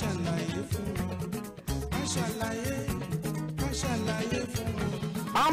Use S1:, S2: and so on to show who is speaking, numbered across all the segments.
S1: ṣàlàyé fún wọn a ṣàlàyé a ṣàlàyé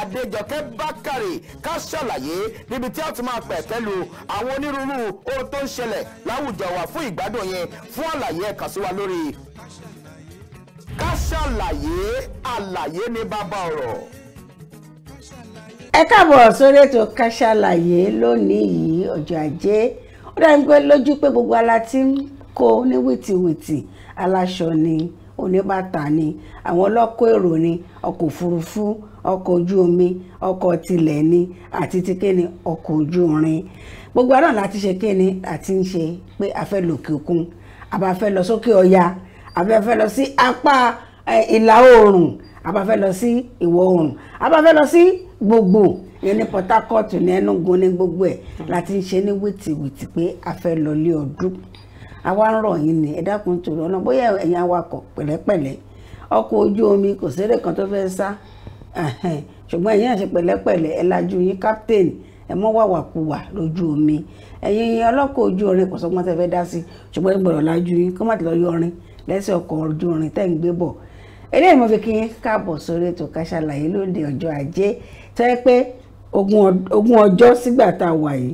S1: adéjọkẹ́ bákàrè ká ṣàlàyé níbi tí a ti máa pẹ̀tẹ́lu àwọn onírúurú ohun tó ń ṣẹlẹ̀ láwùjọ wa fún ìgbádùn yẹn fún àlàyé ẹ kàn sí wa lórí ká ṣàlàyé àlàyé ní bàbá ọ̀rọ̀.
S2: ẹ káàbọ̀ sórí ètò ká ṣàlàyé lónìí yìí ọjọ́ ajé ó dájú pé lójú pé gbogbo ala ti ń kó ní wìtìwìtì aláṣọ ni oníbàtà ni àwọn ọlọ́kọ̀ èrò ni ọkọ̀ òfurufú ọkọ̀ ojú omi ọkọ̀ tilẹ̀ ni àti ti kéni ọkọ̀ ojú irin gbogbo àná láti ṣe kéni àti ń ṣe pé a fẹ́ lòkè òkun a bá fẹ́ lọ sókè ọya a bá fẹ́ lọ sí apá ìlà oòrùn a bá fẹ́ lọ sí ìwọ̀ oòrùn a bá fẹ́ lọ sí gbogbo yẹn ní Port Harcourt ní Enugu ní gbogbo ẹ̀ láti ń ṣe ní wìtìwìtì pé a fẹ́ lọ lé ọdún àwa ń rọ̀ yín ni ẹ dákun tòrò ọ̀nà bóyá ẹ̀yin awakọ̀ pẹ̀lẹ́pẹ̀lẹ́ ọkọ̀ ojú omi kò séré kan tó fẹ́ sá ṣùgbọ́n ẹ̀yin náà ṣe pẹ̀lẹ́pẹ̀lẹ́ ẹ lajú yín captain ẹ mọ́ wàwàkuwà lójú omi ẹ̀yin ọlọ́kọ̀ ojú orin kò sọ́gbọ́n tẹ́ fẹ́ dá sí ṣùgbọ́n ẹ gbọ́dọ̀ lajú yín kó má ti lọ yọ orin lẹ́sẹ̀ ọkọ̀ ojú orin tẹ́ ń gbé bọ̀ eléyìí mo fi kí yín káàbọ̀ sórí ètò Ká Sálàyé lóde ọjọ́ ajé tẹ́ pé ogún ọjọ́ sígbà tá a wà yìí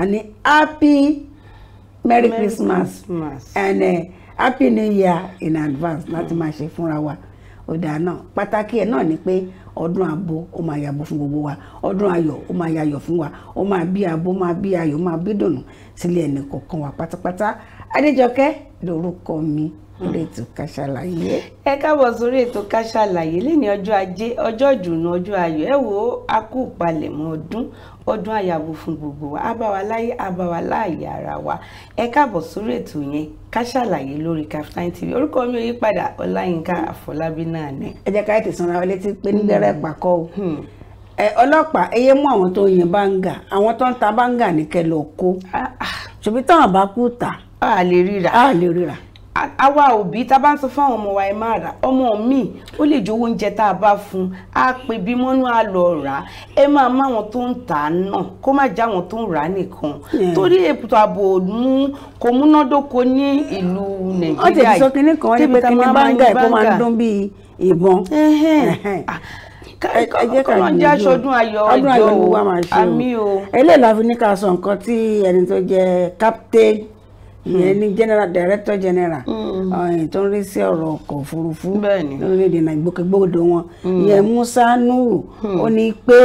S2: àní happy
S1: merry christmas
S2: and eh, happy new year in advance láti máa ṣe fúnra wa ọ̀dà náà pàtàkì ẹ̀ náà ni pé ọdún àbò ó máa yàbò fún gbogbo wa ọdún ayọ̀ ó máa yọ fún wa ó máa bí àbò máa bí ayọ̀ máa bí dùnú sílé ẹnì kọ̀ọ̀kan wa pátápátá Adéjọkẹ́ lorúkọ mi lórí ètò Ká Ṣàlàyé. ẹ káàbọ̀ sórí ètò Ká Ṣàlàyé lẹ́ni ọjọ́ ajé ọjọ́ ìdùnnú ọjọ́ ayọ̀ ẹ wo a ọdún àyàwó fún gbogbo wa á bá wa láyé á bá wa láàyè ara wa ẹ káàbọ̀ sórí ètò yẹn ká ṣàlàyé lórí Kaftan TV orúkọ mi ò yí padà Ọláyínká Àfọlábí náà ni. ẹ jẹ́ ká ètò sanra wa létí pé nígbẹ́rẹ́ ìpàkọ́ hmm. o hmm. ọlọ́pàá eye mú àwọn tó yin báńgà àwọn tó ń ta báńgà ní kẹlẹ́ òkú ah, ah. ṣùgbọ́n táwọn bá kú ta. a lè ríra a lè ríra àwa òbí tá a bá ń sọ fún àwọn ọmọ wa ẹ máa rà ọmọ mi ó lè jowó oúnjẹ tá a bá fún a pè bí mọ́nú a lọ rà ẹ máa má àwọn tó ń tà á náà kó má já àwọn tó ń rà á nìkan torí ètò ààbò mú kò múnádóko ní ìlú nàìjíríà yìí ó tẹ̀sí sọ kínní kan nípa kínní báńgà ẹ̀ kó máa ń dún bíi ìbọn ah, ẹ jẹ́ ká ní ojú ayọ̀ ọjọ́ àmì o eléyìí la fi ní ká sọ nǹkan tí ẹni tó jẹ́ ìyẹn ní general director general mm. tó ń rí sí ọ̀rọ̀ ọkọ̀ òfurufú lórílẹ̀‐èdè nàìgbòkègbodò wọn mm. ìyẹn Musa Nuhu mm. ó ní pé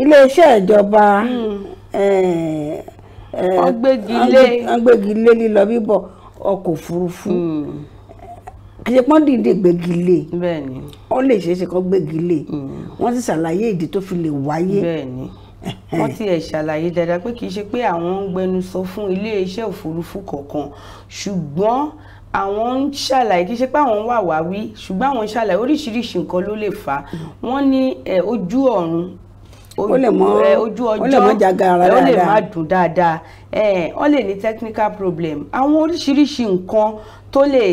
S2: iléeṣẹ́ ìjọba ọgbẹ́gilé lílọ bíbọ̀ ọkọ̀ òfurufú kìí pọ́n dìde gbẹ́gilé ó lè ṣeéṣe kó gbẹ́gilé wọ́n sì ṣàlàyé ìdí tó fi lè wáyé wọ́n ti ẹ̀ ṣàlàyé dáadáa pé kì í ṣe pé àwọn ń gbẹnusọ fún iléeṣẹ́ òfurufú kọ̀ọ̀kan ṣùgbọ́n àwọn ń ṣàlàyé kì í ṣe pé àwọn ń wà wá wí ṣùgbọ́n àwọn ń ṣàlàyé oríṣiríṣi nǹkan ló lè fà á wọ́n ní ojú ọ̀run
S1: ó lè mọ ojú ọjọ́ ó lè mọ jagara dáadáa ó lè má dùn
S2: dáadáa ó lè ní technical problem àwọn oríṣiríṣi nǹkan tó lè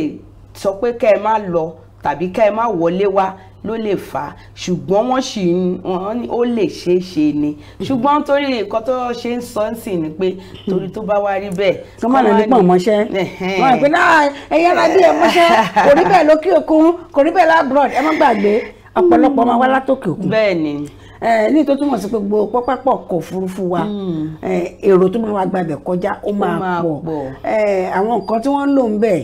S2: sọ pé kẹ́ ẹ má lọ tàbí kẹ́ ẹ má wọlé wá ló lè fà á ṣùgbọ́n wọ́n sì wọ́n ní ó lè ṣeé ṣe ni ṣùgbọ́n torí nǹkan tó ṣe ń sọ ń sìn ni pé torí tó bá wá rí bẹ́ẹ̀. tó má lọ nípa ọmọṣẹ́ wọn ìpín náà ẹ̀yẹ́ ara bí ẹmọṣẹ́ kò rí bẹ́ẹ̀ lókè òkun kò rí bẹ́ẹ̀ lábúrọ̀d ẹ má gbàgbé ọ̀pọ̀lọpọ̀ máa wá látòkè òkun. bẹ́ẹ̀ ni ní tó túmọ̀ sí pé gbogbo pápákọ̀ ọkọ̀ òfurufú wa hmm. èrò tó máa wá gbàgbẹ́ kọjá ó máa pọ̀ àwọn nǹkan tí wọ́n ń lò ń bẹ̀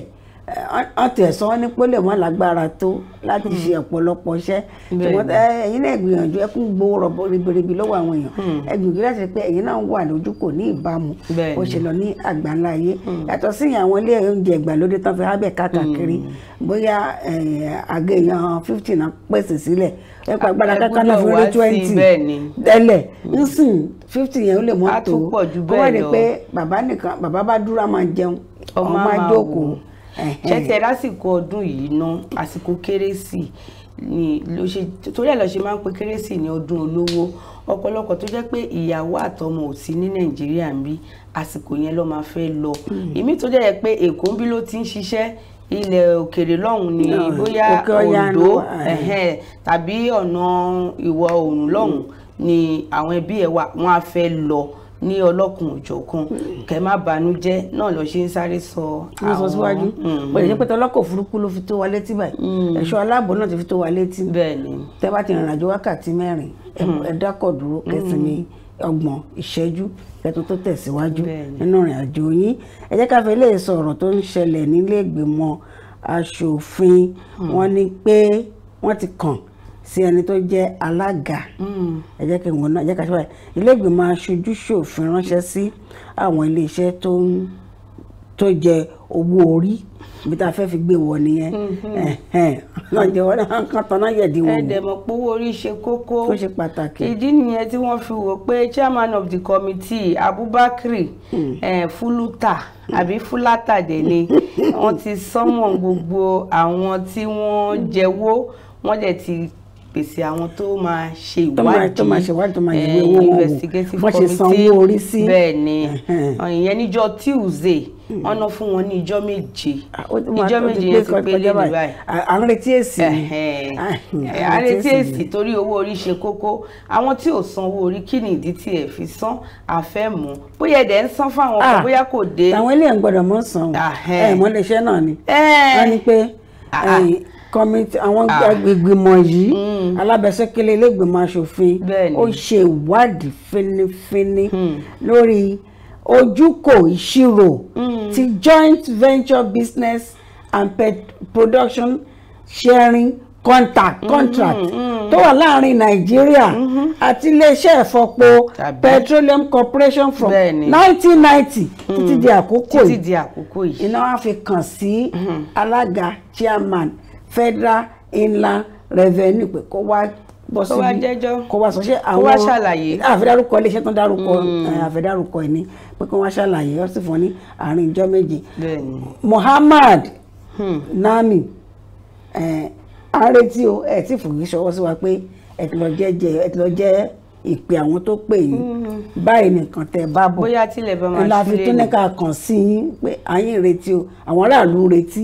S2: ọtí ẹ̀sán ní pólè mọ́ lágbára tó láti ṣe hmm. ọ̀pọ̀lọpọ̀ iṣẹ́ ṣùgbọ́n ẹ̀yin náà gbìyànjú ẹkún gbòòrò ribiribi lọ́wọ́ àwọn èèyàn hmm. ẹgbìyànjú láti rí pé ẹ̀yin náà wà lójú kò ní ìbámu ó ṣe lọ ní àgbáńlá ayé hmm. yàtọ̀ sí àwọn ilé oúnjẹ ìgbàlódé tán fi hábẹ̀ káàkiri bóyá àgé èèyàn fifty náà pèsè sílẹ̀ ẹ̀pọ̀ agbára kankan náà fi rí twenty tẹ́lẹ̀ nsìn fifty yẹn ó lè mọ́ tó kó wá ní pé bàbá nìkan bàbá bá dúró á máa jẹun ọmọ á jókòó ṣé tiẹ̀ lásìkò ọdún yìí ná àsìkò kérésì ni ló ṣe torí ẹ̀ lọ ṣe máa ń pe kérésì ní ọdún olówó ọ̀pọ̀lọpọ̀ tó jẹ́ pé ìyàwó àtọmọ ò sí ní nàìjíríà ń bí àsìkò yẹn ló máa fẹ́ lọ èmi hmm. tó jẹ́ pé èkó ń bí ló ti ń ṣiṣẹ́ ilẹ̀ òkèrè lọ́hùn ni bóyá Oǹdó eh. tàbí ọ̀nà ìwọ̀ oòrùn lọ́hùn ni àwọn ẹbí ẹ̀ wà wọ́n á fẹ́ lọ ní ọlọ́kùn òjọ̀kan hmm. kẹ́ má bànújẹ́ náà lọ ṣe ń sáré sọ àwọn sọ síwájú bó hmm. ṣe pẹ́tẹ́ ọlọ́kọ̀ òfurufú ló fi tó wa létí báyìí hmm. ẹ̀ṣọ́ aláàbò náà ti fi tó wa létí bẹ́ẹ̀ni tẹ́ bá ti rìnrìn àjò wákàtí mẹ́rin ẹ dákọ̀ dúró kẹsìn ní ọgbọ̀n ìṣẹ́jú kẹtù tó tẹ̀síwájú nínú ìrìn àjò yín ẹ jẹ́ ká fẹ́ lè tó ń ṣẹlẹ̀ nílé ìgbìmọ̀ aṣòfin wọ́n ní pé wọ́n ti kàn sí ẹni tó jẹ́ alága mm. ẹ jẹ́ kí n wọ́n náà ẹ jẹ́ ká ṣe báyìí ilé ìgbìmọ̀ aṣojú ṣòfin ránṣẹ́ sí àwọn iléeṣẹ́ tó ń tó jẹ owó orí bí tá a fẹ́ fi gbé wọ nìyẹn mm-hmm. náà jẹ wọ́n náà kàn tán náà yẹ̀dí wọn. ẹ̀dẹ̀ mọ̀ orí ṣe kókó ó ṣe pàtàkì. ìdí nìyẹn tí wọ́n fi wò pé chairman of the committee Abubakri hmm. Fuluta àbí Fulata dẹ̀ ni wọ́n ti sánmọ̀ gbogbo àwọn tí wọ́n jẹ́wọ́ wọ́n dẹ̀ ti pèsè àwọn tó máa ṣe ìwádìí tó máa ṣe ìwádìí tó máa yẹ̀wò owó owó wọ́n ṣe san owó orí sí. bẹ́ẹ̀ ni ìyẹn níjọ́ Tuesday hmm. wọ́n ná fún wọn ní ìjọ́ méje ìjọ́ ah, méje yẹn ti pé lé ní báyìí. à ń retí èsì. Ah, eh, à ń retí èsì torí owó orí ṣe kókó àwọn tí ò san owó orí kí ni ìdí tí ẹ fi san àfẹ́ mú bóyá ẹ̀dẹ̀ ń san fáwọn kan ah, bóyá kò dé. àwọn ilé ẹ̀ ń gbọ́dọ̀ mọ̀ san ẹ̀ mọ́lẹ́ṣẹ́ náà ni eh. wọ́n ní pé committee àwọn ah. agbègbèmọ̀ yìí hmm. alábẹ́sẹ̀kẹ́lẹ́ ilégbèmọ̀ aṣòfin ó ṣe ìwádìí fínífíní hmm. lórí ojúkò ìṣirò hmm. ti joint venture business and production sharing contract contract tó wà láàrin nàìjíríà mm-hmm. àti iléeṣẹ́ ìfọpo petroleum corporation from nineteen ninety títí di àkókò yìí iná wa fi kàn sí alága chairman federal inland revenue pé kó wá bọ́ síbi kó wá sọ ṣé àwọn kó wá ṣàlàyé àfẹ́dárúkọ ah, iléeṣẹ́ tó ń dárúkọ àfẹ́dárúkọ ẹ̀ ní pé kó wá ṣàlàyé ó sì fún ní àárín ìjọ méje Muhammad hmm. Nami àárẹ̀ eh, tí o ẹ̀ tí fòkì ṣọwọ́ sí wa pé ẹ̀ tí lọ jẹ́ ẹ̀ tí lọ jẹ́ ìpè àwọn tó pè yín báyìí nìkan tẹ bá bọ̀ bóyá tilẹ̀ bá máa ṣe lè la fi tó ní ká kàn sí yín pé àyín retí o àwọn aráàlú retí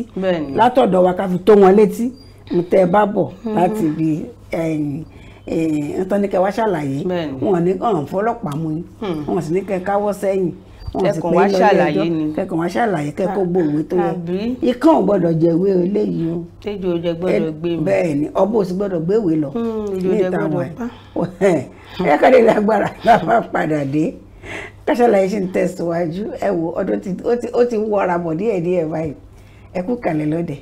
S2: látọ̀dọ̀ wa ká fi tó wọn létí mo tẹ bá bọ̀ láti ibi ẹ̀yìn ntọ́nikẹ́ wá ṣàlàyé wọn ní ọ̀hún fọlọ́pàá mú yín wọn sì ní kẹ́ káwọ́ sẹ́yìn kẹkùn wá ṣàlàyé ni kẹkùn wá ṣàlàyé kẹkùn gbòòwé tó yẹ ikán ò gbọ́dọ̀ jẹwé eléyìí o tẹjú ò jẹ gbé mi bẹ́ẹ̀ ni ọbọ ò sì gbọ́dọ̀ gbéwé lọ hmm, ní ìtàwọn ẹ ẹ kàdé lágbára bàbá padà dé káṣàlàyé ṣì ń tẹ̀síwájú ẹ wo ọdún ó ti ń wọra bọ̀ díẹ̀díẹ̀ báyìí ẹ kú kàlẹ̀ lọ́dẹ̀ẹ́.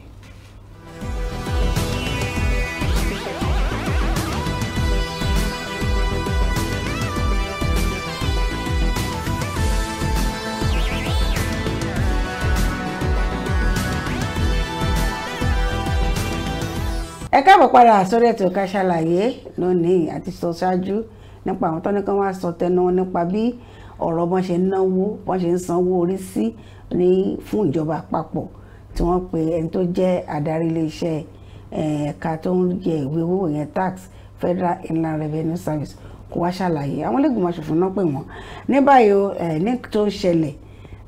S2: ẹ káàbọ̀ padà sórí ètò Ká Sálàyé lónìí àti sọ ṣáájú nípa àwọn tọ́ni kan wá sọ tẹnu wọn nípa bí ọ̀rọ̀ bọ́n ṣe ń náwó bọ́n ṣe ń sanwó orí sí ní fún ìjọba àpapọ̀ tí wọ́n pe ẹni tó jẹ́ adarí iléeṣẹ́ ẹ̀ka tó ń yẹ ìwé owó yẹn tax Federal Inland Revenue Service kó wá ṣàlàyé àwọn iléegbìmọ̀ aṣòfin náà pè wọ́n ní báyìí ní tó ṣẹlẹ̀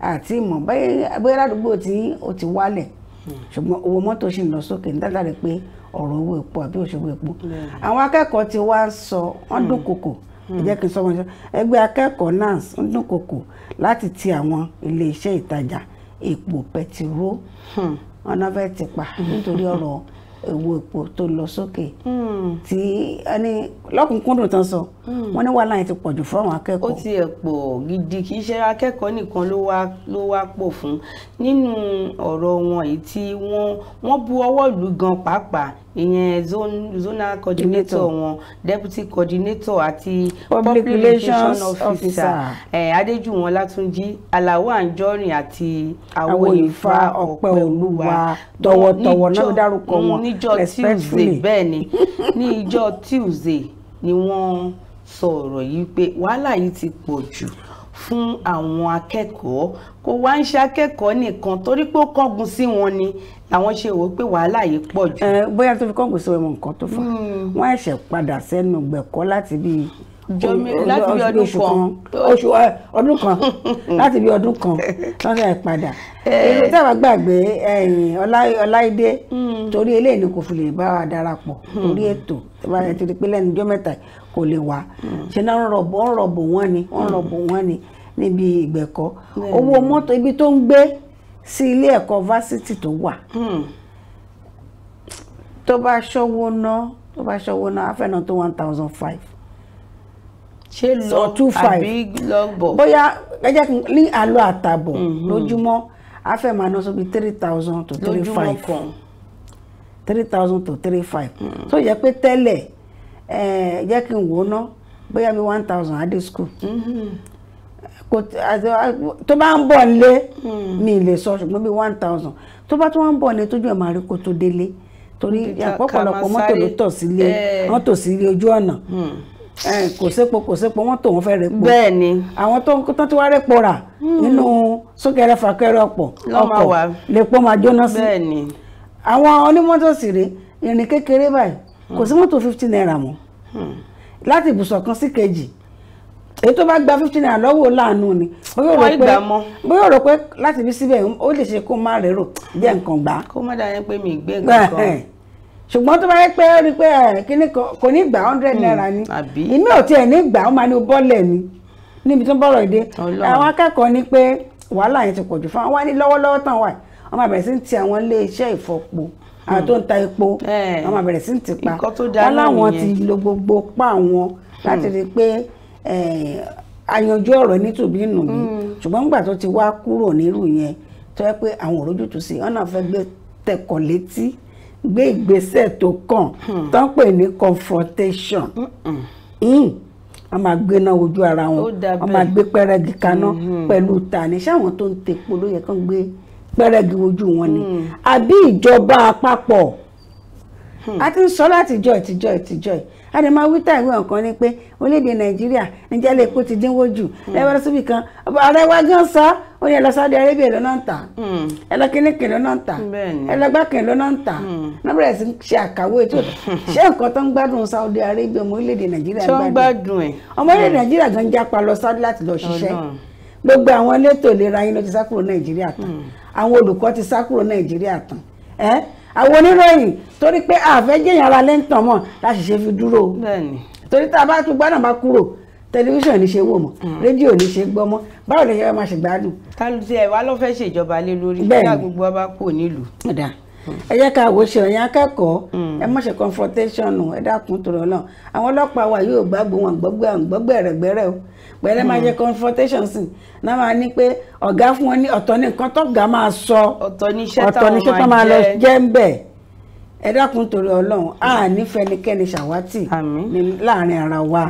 S2: àti ìmọ̀ bóyá ládùúgbò tí ó ti wálẹ̀ hmm. ṣùgbọ́n owó mọ́tò ṣì ń lọ sókè ní dáadáa rẹ̀ pé ọ̀rọ̀ owó epo àbí òṣèlú epo mm. àwọn akẹ́kọ̀ọ́ ti wá sọ wọ́n mm. dúnkokò ẹ mm. jẹ́ kí n sọ wọn sọ ẹgbẹ́ akẹ́kọ̀ọ́ náà ń dúnkokò láti ti àwọn ilé iṣẹ́ ìtajà epo pẹtiró hmm. wọn náà fẹ́ẹ́ ti pa nítorí ọ̀rọ̀ owó epo tó lọ sókè hmm. tí ẹni lọ́kùnkúndùn tán sọ hmm. wọ́n ní wàhálà yẹn ti pọ̀ jù fáwọn akẹ́kọ̀ọ́. ó ti ẹ̀ pọ̀ gidi kì í ṣe akẹ́kọ̀ọ́ nìkan ló wá ló wá pọ̀ fún nínú ọ̀rọ̀ wọn yìí tí wọ́n wọ́n bu ọwọ́ lù gan pàápàá ìyẹn zonal coordinator wọn deputy coordinator àti population officer adéjùwọ̀n látúnjí aláwọ̀ àǹjọ́rìn àti àwòyìnfà ọ̀pẹ olúwa tọwọ́tọwọ́ náà dárúkọ wọn respectfully bẹ́ẹ̀ ni ní ìjọ tuesday ni wọ́n sọ ọ̀rọ̀ yìí pé wàhálà yìí ti pọ̀ jù fún àwọn akẹ́kọ̀ọ́ kò wá ń ṣe akẹ́kọ̀ọ́ nìkan torí pé ó kángun sí wọn ni làwọn ṣe wò pé wàhálà yìí pọ̀ jù. ẹ bóyá tó fi kángun sí wọn nǹkan tó fà hmm. wọn ẹ̀ṣẹ̀ padà sẹ́nu gbẹ̀kọ́ láti bíi láti bí ọdún kan oṣù ọdún kan láti bí ọdún kan lọ́sẹ̀ ìpadà eh. èrò tí a bá gbàgbé ọláìdé hmm. torí eléyìí ni kò fi lè bá wa darapọ̀ hmm. torí ètò tí wọ́n ti rí pé lẹ́nu ọjọ́ mẹ́ta kò lè wá hmm. ṣe náà ń rọ̀bọ̀ ń rọ̀bọ̀ wọ́n ni ń rọ̀bọ̀ wọ́n ni níbi ìgbẹ̀kọ́ owó mọ́tò ibi tó ń gbé sí ilé ẹ̀kọ́ fásitì tó wà tó bá ṣọwọ́ ná tó bá ṣọwọ́ ná afẹ́nà tó one thousand five ṣé lọ àbí lọ́gbọ̀. bóyá ẹ jẹ́ kí ní àlọ́ àtàbọ̀ mhm. lójúmọ́ a fẹ́ máa ná sóbi three thousand to three five three thousand to three five mhm. tó yẹ pé tẹ́lẹ̀ jẹ́ kí n wò ó ná bóyá mi one thousand á dé school mhm. tó bá ń bọ̀ lé mi lè sọ ṣùgbọ́n bí one thousand tó bá tó wá ń bọ̀ lé tójú ẹ̀ máa rí kó tó délé torí àpọ̀pọ̀lọpọ̀ mọ́tò ló tọ̀ sílé mọ́tò sílé ojú ọ̀nà hmm kò sépo kò sépo wọ́n tòun fẹ́ repo bẹ́ẹ̀ ni àwọn tó ń tán tí wàá repo rà hmm. nínú súnkẹrẹ fàkẹrẹ ọ̀pọ̀ ọkọ̀ lèpo máa jóná sí bẹ́ẹ̀ ni àwọn onímọ́tò sì rè ìrìn kékeré báyìí kò sí mọ́tò fifty naira mọ́ hmm. láti ibùsọ̀ kan sí kejì èyí tó bá gba fifteen naira lọ́wọ́ láàánú ni bóyá rò pé bóyá rò pé láti ibi síbẹ̀ ó lè ṣe kó má rérò jẹ́ nǹkan gbà. kó má dà yẹn pé mi ì gbé nǹkan kan ṣùgbọ́n tó bá yẹ pé rí pé eh, kíní kò ní gbà hundred hmm, naira ni èmi ò tiẹ̀ ní gbà ó máa ní bọ́ọ̀lẹ̀ ni níbi tó ń bọ̀rọ̀ èdè àwọn akẹ́kọ̀ọ́ ní pé wàhálà yẹn ti pọ̀ jù fún àwọn wá ní lọ́wọ́lọ́wọ́ tán wà wọ́n máa bẹ̀rẹ̀ sí ti àwọn ilé iṣẹ́ ìfọpo àwọn hmm. tó ń ta epo eh. wọ́n máa bẹ̀rẹ̀ sí ti pa wọ́n láwọn ti lo gbogbo pa àwọn láti hmm. rí i pé eh, ayanjú ọ̀rọ̀ nítòbí nù mí ṣùgbọ́n nígbà tó ti wá kúrò nírú yẹn tó gbé ìgbésẹ̀ tó kàn hmm. tó ń pè ní confrontation wọ́n hmm. máa gbéná ojú ara wọn wọ́n máa gbé pẹ́rẹ́gì kaná hmm. pẹ̀lú tani ṣáwọn tó ń tepo ló yẹ kán gbé pẹ́rẹ́gì ojú wọn ni àbí ìjọba àpapọ̀ a ti ń sọ láti jọ ìtìjọ ìtìjọ yìí àdè máa wí tàìwé ọ̀kan ni pé orílẹ̀-èdè nàìjíríà ǹjẹ́ lè kó ti dínwó jù hmm. lẹ́wọ́n síbi kan ààrẹ wa gan sọ ó ní ẹ lọ sáde arábíà lọ́nà ń tà hmm. ẹ lọ kíníkì lọ́nà ń tà ẹ lọ gbákìn lọ́nà ń tà nọ́bẹ̀rẹ̀ hmm. sí ṣe àkàwé tó ṣé nǹkan tó ń gbádùn Saudi Arabia ọmọ orílẹ̀-èdè nàìjíríà ń gbádùn ọmọ orílẹ̀-èdè nàìjíríà gan jápa lọ Saudi láti lọ ṣiṣẹ́ gbogbo àwọn elétò ìlera yín ló ti sá kúrò nàìjíríà tán àwọn olùkọ́ ti sá kúrò nàìjíríà tán àwọn oníròyìn torí pé àfẹ́jẹ̀yìn ara lẹ́ńtàn mọ̀ láti ṣe fi dúró torí tá a bá tún gbádùn bá kúrò tẹlifíṣàn ní ṣe wò mọ́ mm. rédíò ní ṣe gbọ́ mọ́ báwo lè ṣe máa ṣe gbádùn. kálùtì ẹ̀ wá ló fẹ́ ṣèjọba lé lórí kí àgbègbè ọba kò nílùú. ọ̀dà ẹ jẹ́ ká wòṣe ọ̀yàn akẹ́kọ̀ọ́ mm. ẹ má ṣe confrontation ẹ dákun tó lọ́nà àwọn ọlọ́pàá wa yóò gbàgbọ́ wọn gbọ́gbẹ́ gbẹ́rẹ́gbẹ́rẹ́ o pẹ̀lẹ́ máa hmm. jẹ́ confrontation sí náà máa ní pé ọ̀gá fún wọn ní ọ̀tọ̀ ní nǹkan tọ́gá máa sọ ọ̀tọ̀ ní iṣẹ́ tó máa lọ jẹ́ ń bẹ̀ ẹ dákun torí ọlọ́run a nífẹ̀ẹ́ ẹnikẹ́ni ṣàwátì láàrin ara wa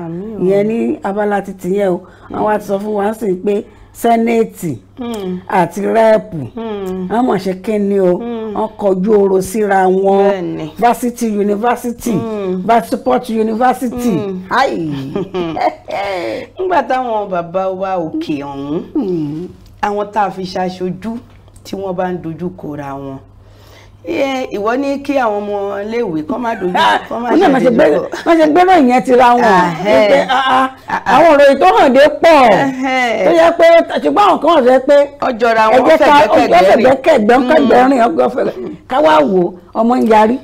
S2: ìyẹn ní abala titi yẹn o àwọn àti sọ fún wa sí pé sẹ́nẹ̀tì hmm. àti rẹ́ẹ̀pù hmm. wọ́n mọ̀ ṣe kíni o hmm. wọ́n kọjú ọ̀rọ̀ síra wọn varsity university varsiport university ayi. nígbà táwọn bàbá wa òkè ọ̀hún àwọn tá a fi ṣaṣojú tí wọ́n bá ń dojú kora wọn ìwọ ní kí àwọn ọmọ iléèwé kọ́ má dojú ah, kọ́ má ṣe dojú kọ́. wọ́n ṣe gbẹ́rọ̀ ìyẹn ti ra wọn ah, eh, ah, àwọn òròyìn tó hàn dé pọ̀ eh, eh. tó yẹ pé ṣùgbọ́n àwọn kan rẹ pé ọjọ́ra wọn fẹ̀gbẹ́kẹ̀gbẹ́ kẹ̀gbẹ́rin hmm. ọgọ́fẹ̀rẹ̀ káwá wo ọmọ ń yarí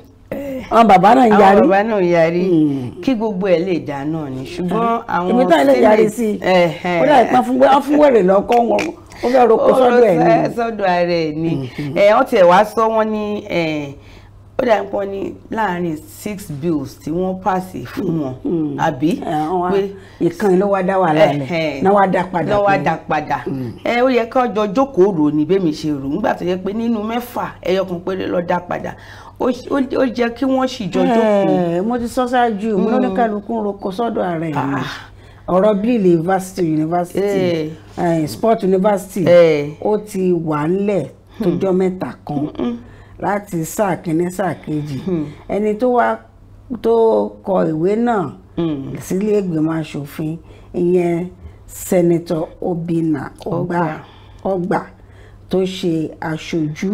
S2: àwọn bàbá náà ń yarí àwọn bàbá náà ń yarí hmm. kí gbogbo ẹ lè dá náà ni ṣùgbọ́n àwọn èmi táwọn ilé yarí sí i ó dà ìpá fún wẹ̀rẹ̀ lọ́kọ́ wọn ó fẹ́ roko sọ́dọ̀ ẹ̀ ni sọ́dọ̀ ara ẹ̀ ni mm-hmm. wọ́n tiẹ̀ wá sọ wọ́n ní ó dà pọ̀ ní láàrin six bills tí wọ́n pàṣẹ fún wọn mm-hmm. àbí pé ìkan ló wá dá wà lálẹ́ náà wá dá padà náà wá dá padà mm. ẹ ó yẹ ká jọ jókòó rò ní bẹ́mi ṣe rò nígbà tó yẹ pé nínú mẹ́fà ẹyọ kan péré ló dá padà ó jẹ́ kí wọ́n sì jọ jókòó. mo ti sọ ṣáájú mo lóníkàlùkù mm. ń roko sọ́dọ̀ ara ẹ̀ ni. Ah, ọ̀rọ̀ bí ilé university university eh. Eh, sport university eh. ó ti wà ńlẹ̀ tójọ́ hmm. mẹ́ta kan láti sáà kínní sáà kejì hmm. ẹni tó wá tó kọ ìwé náà hmm. sílé ìgbìmọ̀ asòfin ìyẹn sẹ́nitọ̀ Obinna Ogba Ogba tó ṣe aṣojú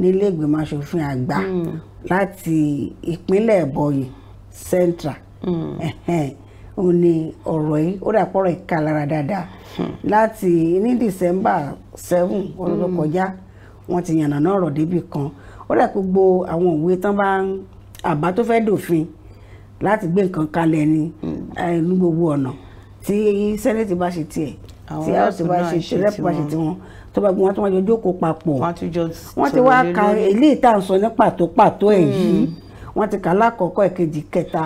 S2: nílé ìgbìmọ̀ asòfin àgbà láti ìpínlẹ̀ Ebonyi Central. Mm òun ni ọ̀rọ̀ yìí ó dàpọ̀ rẹ̀ ká lára dáadáa hmm. láti ní December seven ọdún tó hmm. kọjá wọ́n ti yànnàná ọ̀rọ̀ débì kan ó dà gbogbo àwọn òwe tán bá ń àbá tó fẹ́ dòfin láti gbé nǹkan kalẹ̀ ni hmm. eh, ní gbogbo ọ̀nà tí sẹ́nẹ̀tì bá ṣe tiẹ̀ tí house bá ṣe tiẹ̀ rẹ́pù bá ṣe tiwọn tó bá gbé wọn tó wọn jọ jókòó papọ̀ wọ́n ti wá ka eléyìí tá à ń sọ ní pàtó pàtó ẹ̀ yìí wọ́n ti kà lákọ̀ọ́kọ́ ẹ̀kejì kẹta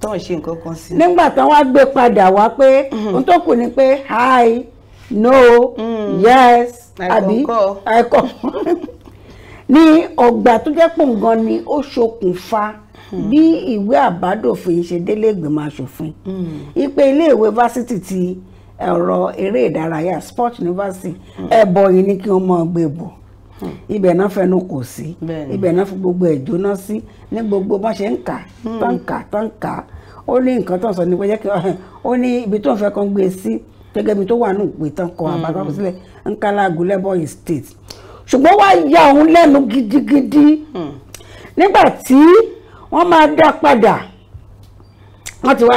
S2: tán ṣe nǹkan kan sí. nígbà tán wá gbé padà wá pé mm-hmm. ohun tó kù ni pé hi no mm. yes àbí ẹ̀kọ́ ní ọgbà tó jẹ́ pò gan ni ó ṣokùnfà mm. bí ìwé àbádòfin ṣe délé ìgbìmọ̀ aṣòfin mm. ipe iléèwé fásitì ti ẹ̀rọ eré ìdárayá sport university mm. ẹ̀bọ̀ yìí ni kí wọ́n mọ̀ gbé bọ̀ Hmm. ibẹ̀ náà fẹnu kò sí ibẹ̀ náà fi gbogbo ẹ̀ jóná sí ní gbogbo bá ṣe ń kà hmm. tán kà tán kà ó ní nǹkan tó ń sọ ní pé jẹ́ kí ó ní ibi tó ń fẹ́ kan gbé e sí gẹ́gẹ́ bí tó wà ní ìpè tán kọ àbákọ́ sílẹ̀ Nkala hmm. Agulebonyi State ṣùgbọ́n wá ya òun lẹ́nu gidigidi nígbà tí wọ́n máa dá padà wọ́n ti wá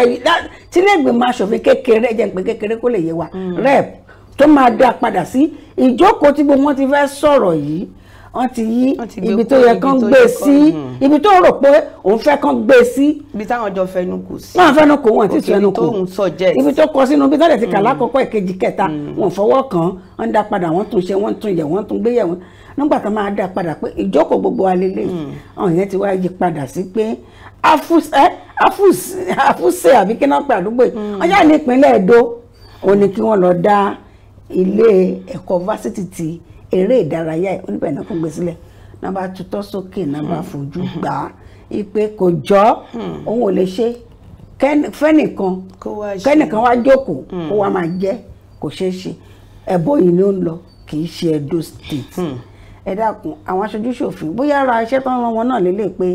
S2: tí ilé ìgbìmọ̀ asòfin kékeré jẹ́ pé kékeré kó lè yé wa rep tó máa dá padà sí ìjókòó tí gbogbo wọn ti fẹ́ sọ̀rọ̀ yìí wọ́n ti yí ibi tó yẹ kán gbé sí hmm. ibi tó rò pé òun fẹ́ kán gbé sí. ibi táwọn jọ fẹnu kù sí. wọ́n fẹnu kù wọ́n ti fẹnu kù ibi tó kọ sínú ibi tọ́lẹ̀ ti kà hmm. lákọ̀ọ́kọ́ ìkejì kẹta hmm. wọ́n fọwọ́ kàn wọ́n dá padà wọ́n tún ṣe wọ́n tún yẹ̀ wọ́n tún gbé yẹ̀ wọ́n nígbà tó máa dá padà pé ìjókòó gbogbo wa lélẹ̀ ọ̀hún yẹn ti wá yí padà sí pé afúnṣe àbí kí náà pé àdúgbò yìí wọ́n ní ìpínlẹ̀ Èdó òun kí wọ́n lọ dá ilé ẹ̀kọ́ fásitì ti eré ìdárayá ẹ̀ oníbẹ̀ náà kò gbé sílẹ̀ náà bá tutọ́ sókè náà bá hmm. fojú hmm. gbà á ipe kò jọ hmm. òun ò lè ṣe fẹ́nìkan kẹ́nìkan wá jókòó kó wá máa jẹ́ kò ṣeé ṣe ẹ̀bọ́ yìí ni ó ń lọ kì í ṣe Edo State ẹ dákun àwọn aṣojú ṣòfin bóyá ara iṣẹ́ tó ń ran wọn náà lélẹ̀ pé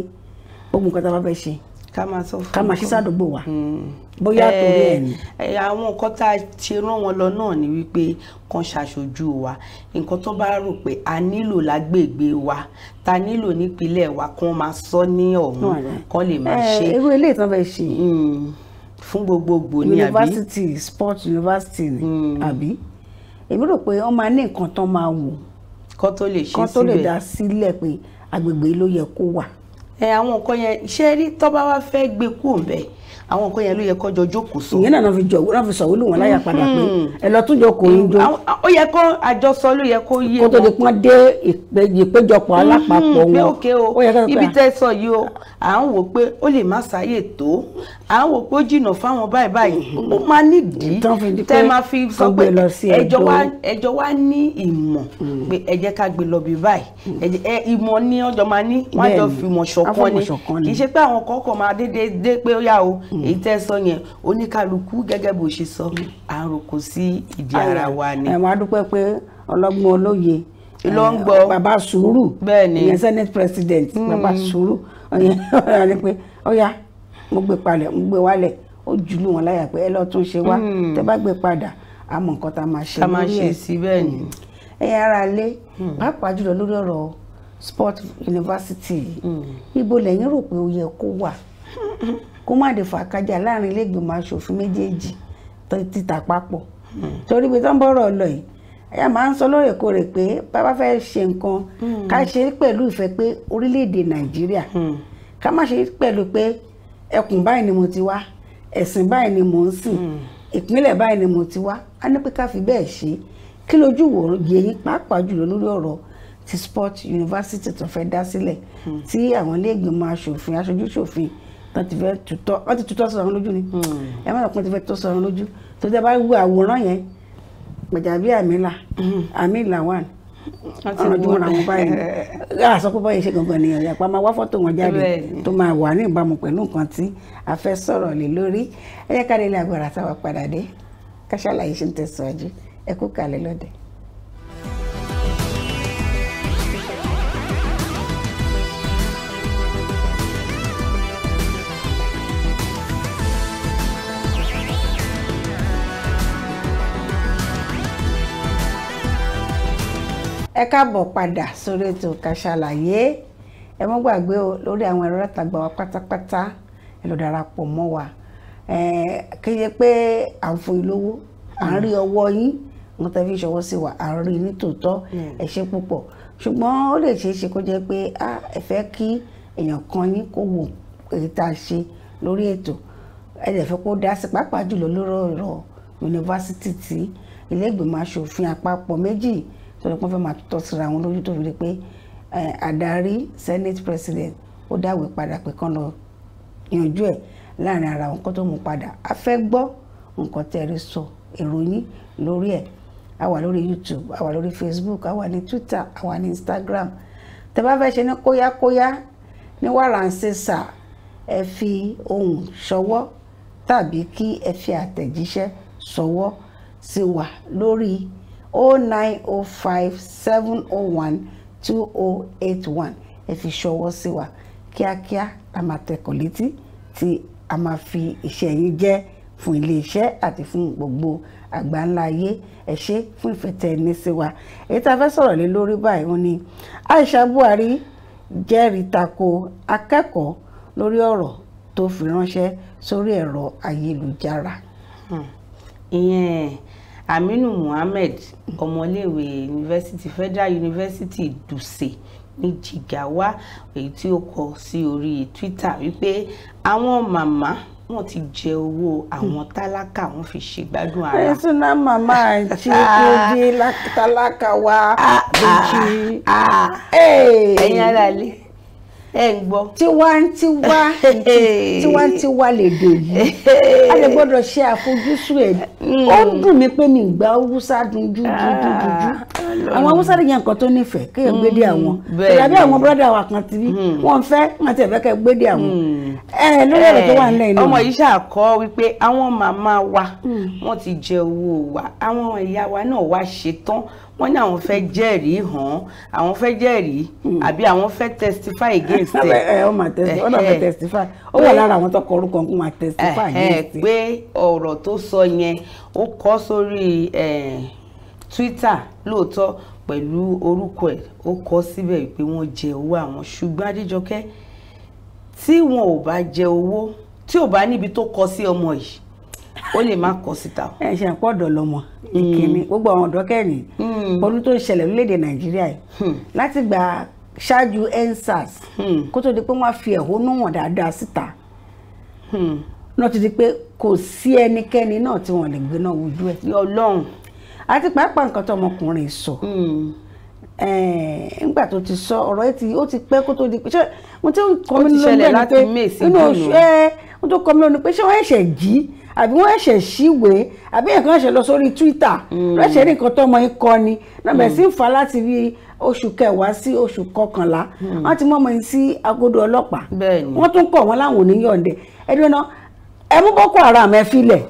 S2: gbogbo nǹkan tá a bá fẹ́ ṣe ká máa sọ fún ká máa ṣe wa hmm. bóyá eh, torí ẹ ni. Eh, àwọn nǹkan tá a ti rán wọn lọ náà ni wípé kan ṣàṣojú wa nǹkan tó bá rò pé a nílò lágbègbè wa ta nílò nípínlẹ̀ wa kan máa sọ ní ọ̀hún kan lè máa eh, ṣe. irú ilé ìtàn bẹ́ẹ̀ ṣe hmm. fún gbogbogbò ní àbí university sports university ni hmm. àbí èmi rò pé wọ́n máa ní nǹkan tán máa wò kán tó lè dá sílẹ̀ pé agbègbè ló yẹ kó wà àwọn nǹkan yẹn ṣé rí tó bá wá fẹ́ gbé kúrò bẹ́ẹ̀ àwọn nǹkan yẹn ló yẹ kọjọ jókòó sọ. ìyẹn náà náà fi jọ náà fi sọ̀wé lù wọ́n láyà padà pé hmm. ẹ lọ tún jọ kò ń jó. ó yẹ kó àjọsọ ló yẹ kó yé wọn. kó tó di pọ́n dé ìpéjọpọ̀ hmm, alápapọ̀ hmm, wọn. pé òkè o ibi tẹ́ sọ yìí o à ń wò pé ó lè má sáyè tó à ń wò pé ó jìnnà fáwọn báyìí báyìí ó máa nídìí tẹ́ máa fi sọ pé ẹjọ́ wa ní ìmọ̀ pé ẹ jẹ́ ká gbé lọ bí báyìí ìmọ̀ ní ọjọ́ máa ní wọ́n á jọ fìmọ̀ ṣọ̀kan ni kì í ṣe pé àwọn kọ́kọ́ máa déédéé dé pé ó yá o Hmm. èyí tẹ́ sọ yẹn oníkálukú gẹ́gẹ́ bó ṣe sọ àròkò hmm. sí ìdí ara wa ni. ẹ̀wọ̀n adúpẹ́ pé ọlọ́gbọ́n olóye bàbá sùúrù ìyẹn senate president hmm. bàbá sùúrù ọ̀yẹ́ ni pé ọ̀yá mo gbé palẹ̀ mo gbé wálẹ̀ ó jùlù wọn láyà pé ẹ lọ́ọ́ tún ṣe wá tẹ́ bá gbé padà àmọ́ nǹkan tá a máa ṣe lórí ẹ̀ sí bẹ́ẹ̀ ni ẹ̀yin ará ilé pàápàá jùlọ lórí ọ̀rọ̀ sport university ibo lẹ́yìn rò pé ó yẹ kó wà. kó má dé fàákájà láàrin ilé ìgbìmọ̀ asòfin méjèèjì títà papọ̀ torí pé tó ń bọ̀rọ̀ lọ yìí àyà máa ń sọ lóòrèkóòrè pé bàbá fẹ́ ṣe nǹkan ká hmm. ṣe pẹ̀lú ìfẹ́ pé orílẹ̀-èdè nàìjíríà hmm. ká má ṣe pẹ̀lú pé ẹkùn báyìí ni mo ti wá ẹ̀sìn báyìí ni mo ń sìn hmm. ìpínlẹ̀ báyìí ni mo ti wá á ní pé ká fi bẹ́ẹ̀ ṣe kí lójú wò yẹ yín pàápàá jùlọ lórí ọ̀rọ̀ ti sport university tó fẹ́ dá sílẹ̀ tí àwọn ilé ìgbìmọ̀ asòfin aṣojú ṣòfin tán ti fẹ́ tutọ́ wọ́n ti tutọ́ sọ̀rọ̀ lójú ni hmm. ẹ má lọ pọ́n ti fẹ́ tutọ́ sọ̀rọ̀ lójú tó tẹ́ bá wú àwòrán yẹn gbàjàbí àmìlà hmm. àmìlà wà ọ̀nàjúmọ̀ra wọn báyìí àṣọ pé báyìí ṣe gangan nìyẹn ìyàpá máa wá fọ́tò wọn jáde tó máa wà ní ìbámu pẹ̀lú nǹkan tí a fẹ́ sọ̀rọ̀ lé lórí ẹ jẹ́ ká lè táwa padà dé ká ṣàlàyé ṣe ń tẹ̀síwájú ẹ kalẹ̀ lọ́dẹ̀. ẹ káàbọ̀ padà sórí ètò Ká Ṣàlàyé ẹ mọ́ gbàgbé o lórí àwọn ẹ̀rọ ìtàgbà wa pátápátá ẹ lọ darapọ̀ mọ́ wa kí yẹ pé à ń fún yín lówó à ń rí ọwọ́ yín wọn tẹ́ fi ṣọwọ́ sí wa à ń rí nítòótọ́ hmm. ẹ ṣé púpọ̀ ṣùgbọ́n ó lè ṣeé ṣe kó jẹ́ pé ẹ fẹ́ kí èèyàn kan yín kó wò èyí tá a ṣe lórí ètò ẹ lè fẹ́ kó dá sí pàápàá jùlọ lórí ọ̀rọ̀ yunifásitì tí ilé ìgbìmọ̀ torí pé wọ́n fẹ́ máa tọ́ síra wọn lójú tó fi di pé àdarí senate president ó dáwé padà pé kán lọ yanjú ẹ̀ láàrin ara wọn kó tó mú padà a fẹ́ gbọ́ nǹkan tẹ́ sọ èrò lórí ẹ̀ a wà lórí youtube a wà lórí facebook a wà ní twitter a wà ní instagram tẹ́ bá fẹ́ ṣe ní kóyákóyá ní wàràǹsẹ̀sà ẹ fi ohùn ṣọwọ́ tàbí kí ẹ fi àtẹ̀jíṣẹ́ ṣọwọ́ sí wa lórí 0905 701 2081 ẹ fi ṣọwọ́ sí wa kíákíá la máa tẹkọ̀ létí tí a máa fi iṣẹ́ yín jẹ́ fún iléeṣẹ́ àti fún gbogbo àgbáńlá ayé ẹ ṣé fún ìfẹ́tẹ̀ ẹni sí wa èyí tá a fẹ́ sọ̀rọ̀ lé lórí báyìí wọn ni Aisha Buhari jẹ́rìí tako akẹ́kọ̀ọ́ lórí ọ̀rọ̀ tó fi ránṣẹ́ sórí ẹ̀rọ ayélujára. Hmm. ìyẹn aminu muhammed ọmọléèwé university federal university dùsẹ̀ ní jigawa èyí tí ó kọ sí orí twitter wípé àwọn màmá wọn ti jẹ owó àwọn tálákà wọn fi ṣègbádùn ara. personal mama àti ìkéde tálákà wa ah, lójú ah, ah, ẹ̀yin aráalé ẹ ń gbọ́. tiwantiwa tiwantiwa lèdè yìí a lè gbọ́dọ̀ ṣe àfojúsùn ẹ̀ hmm. ó dùn mí pé mi gba haúsá dunjú dunjú dunjú àwọn haúsá lè yan nǹkan tó nífẹ̀ẹ́ kéèyàn gbédè hmm. àwọn tàbí àwọn bọ́dà wa kan ti rí hmm. wọ́n fẹ́ wọ́n ti ẹ̀fẹ́ kẹ́ gbédè àwọn ẹ lórí ọ̀rọ̀ tó wà nílẹ̀ yìí. Eh, ọmọ yìí ṣàkọ́ wípé àwọn màmá wa wọ́n ti jẹ owó wa àwọn ìyá wa náà wá ṣetán wọ́n ní àwọn fẹ́ jẹ́rìí hàn àwọn fẹ́ jẹ́rìí hmm. àbí àwọn fẹ́ testify against ẹ. ẹ ọ máa testify ọ náà fẹ́ testify ó wà lára àwọn tó kọ orúkọ kó máa testify against ẹ. pé ọ̀rọ̀ tó sọ yẹn ó kọ sórí Twitter lóòótọ́ pẹ̀lú orúkọ ẹ̀ ó kọ síbẹ̀ pé wọ́n jẹ owó àwọn ṣùgbọ́n Adéjọkẹ́ tí wọn ò bá jẹ owó tí ò bá níbi tó kọ sí ọmọ yìí ó lè má kọ síta. ẹ ṣe àpọ̀dọ̀ lọmọ ìkíni hmm. gbogbo àwọn ọ̀dọ́kẹ́rin hmm. Hmm. ọdún tó ń ṣẹlẹ̀ lórílẹ̀‐èdè nàìjíríà yìí hmm. láti gbà ṣáájú ensars hmm. kó tó di pé wọ́n á fi ẹ̀hónú hàn dáadáa síta náà ti di pé kò sí ẹnikẹ́ni náà tí wọ́n lè gbé náà wojú ẹ̀. ọlọ́run àti pàápàá nǹkan tó ọmọkùnrin sọ. So. Mm nígbà tó ti sọ ọ̀rọ̀ ẹ ti ó ti pẹ́ kó tó di pé ṣé mo ti ń kọ́ mi lónìí ni pé inú oṣù ẹ mo tó kọ́ mi lónìí pé ṣé wọ́n ẹ̀ṣẹ̀ jí àbí wọ́n ẹ̀ṣẹ̀ ṣíwèé àbí ẹ̀kan ẹ̀ṣẹ̀ lọ sórí Twitter lọ́ṣẹ̀ hmm. ní nǹkan tọ́mọ yín kọ́ ni nàbẹ̀ hmm. sí ń fa láti rí oṣù kẹwàá sí oṣù kọkànlá hmm. wọ́n ti mọ́mọ́ yín sí agodo ọlọ́pàá wọ́n tún kọ̀ wọ́n láwọn ò ní yọ̀ǹde ẹ̀dùn náà ẹ mú Boko Haram ẹ filẹ̀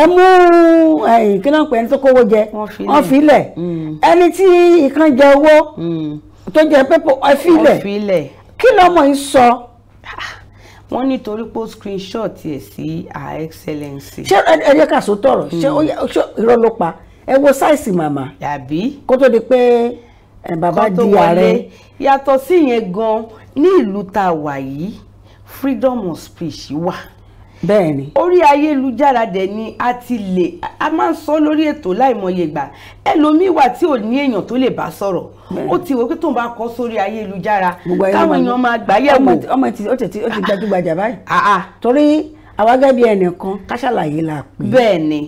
S2: ẹ mú kí náà pè ẹni tó kówó jẹ wọ́n fi lẹ̀ mm. ẹni tí ìkan jẹ owó mm. tó jẹ pépò ẹ fi lẹ̀ kí lọ́mọ yìí sọ. Ah, wọ́n nítorí pé ó screenshot ẹ̀ sí her excellency. ṣé ẹ jẹ́ ká sọ tọ̀rọ̀ mm. ṣé irọ́ ló pa ẹ wo ṣáìsì màmá kó tó di pé bàbá di ààrẹ. yàtọ̀ sí yẹn gan ní ìlú tá a wà yìí freedom of speech wà. Wow bẹ́ẹ̀ni orí ayélujára dẹ̀ ni a ti lè a máa ń sọ lórí ètò láìmọye ìgbà ẹlòmíì wà tí ò ní èèyàn tó lè bá sọ̀rọ̀ ó ti wò pé tóun bá kọ sórí ayélujára káwọn èèyàn máa gbà yẹ̀wò. ọmọ ti ó ti gbajúgbajà báyìí torí àwa gẹ́gẹ́ bí ẹnìkan ká ṣàlàyé la pè. bẹ́ẹ̀ni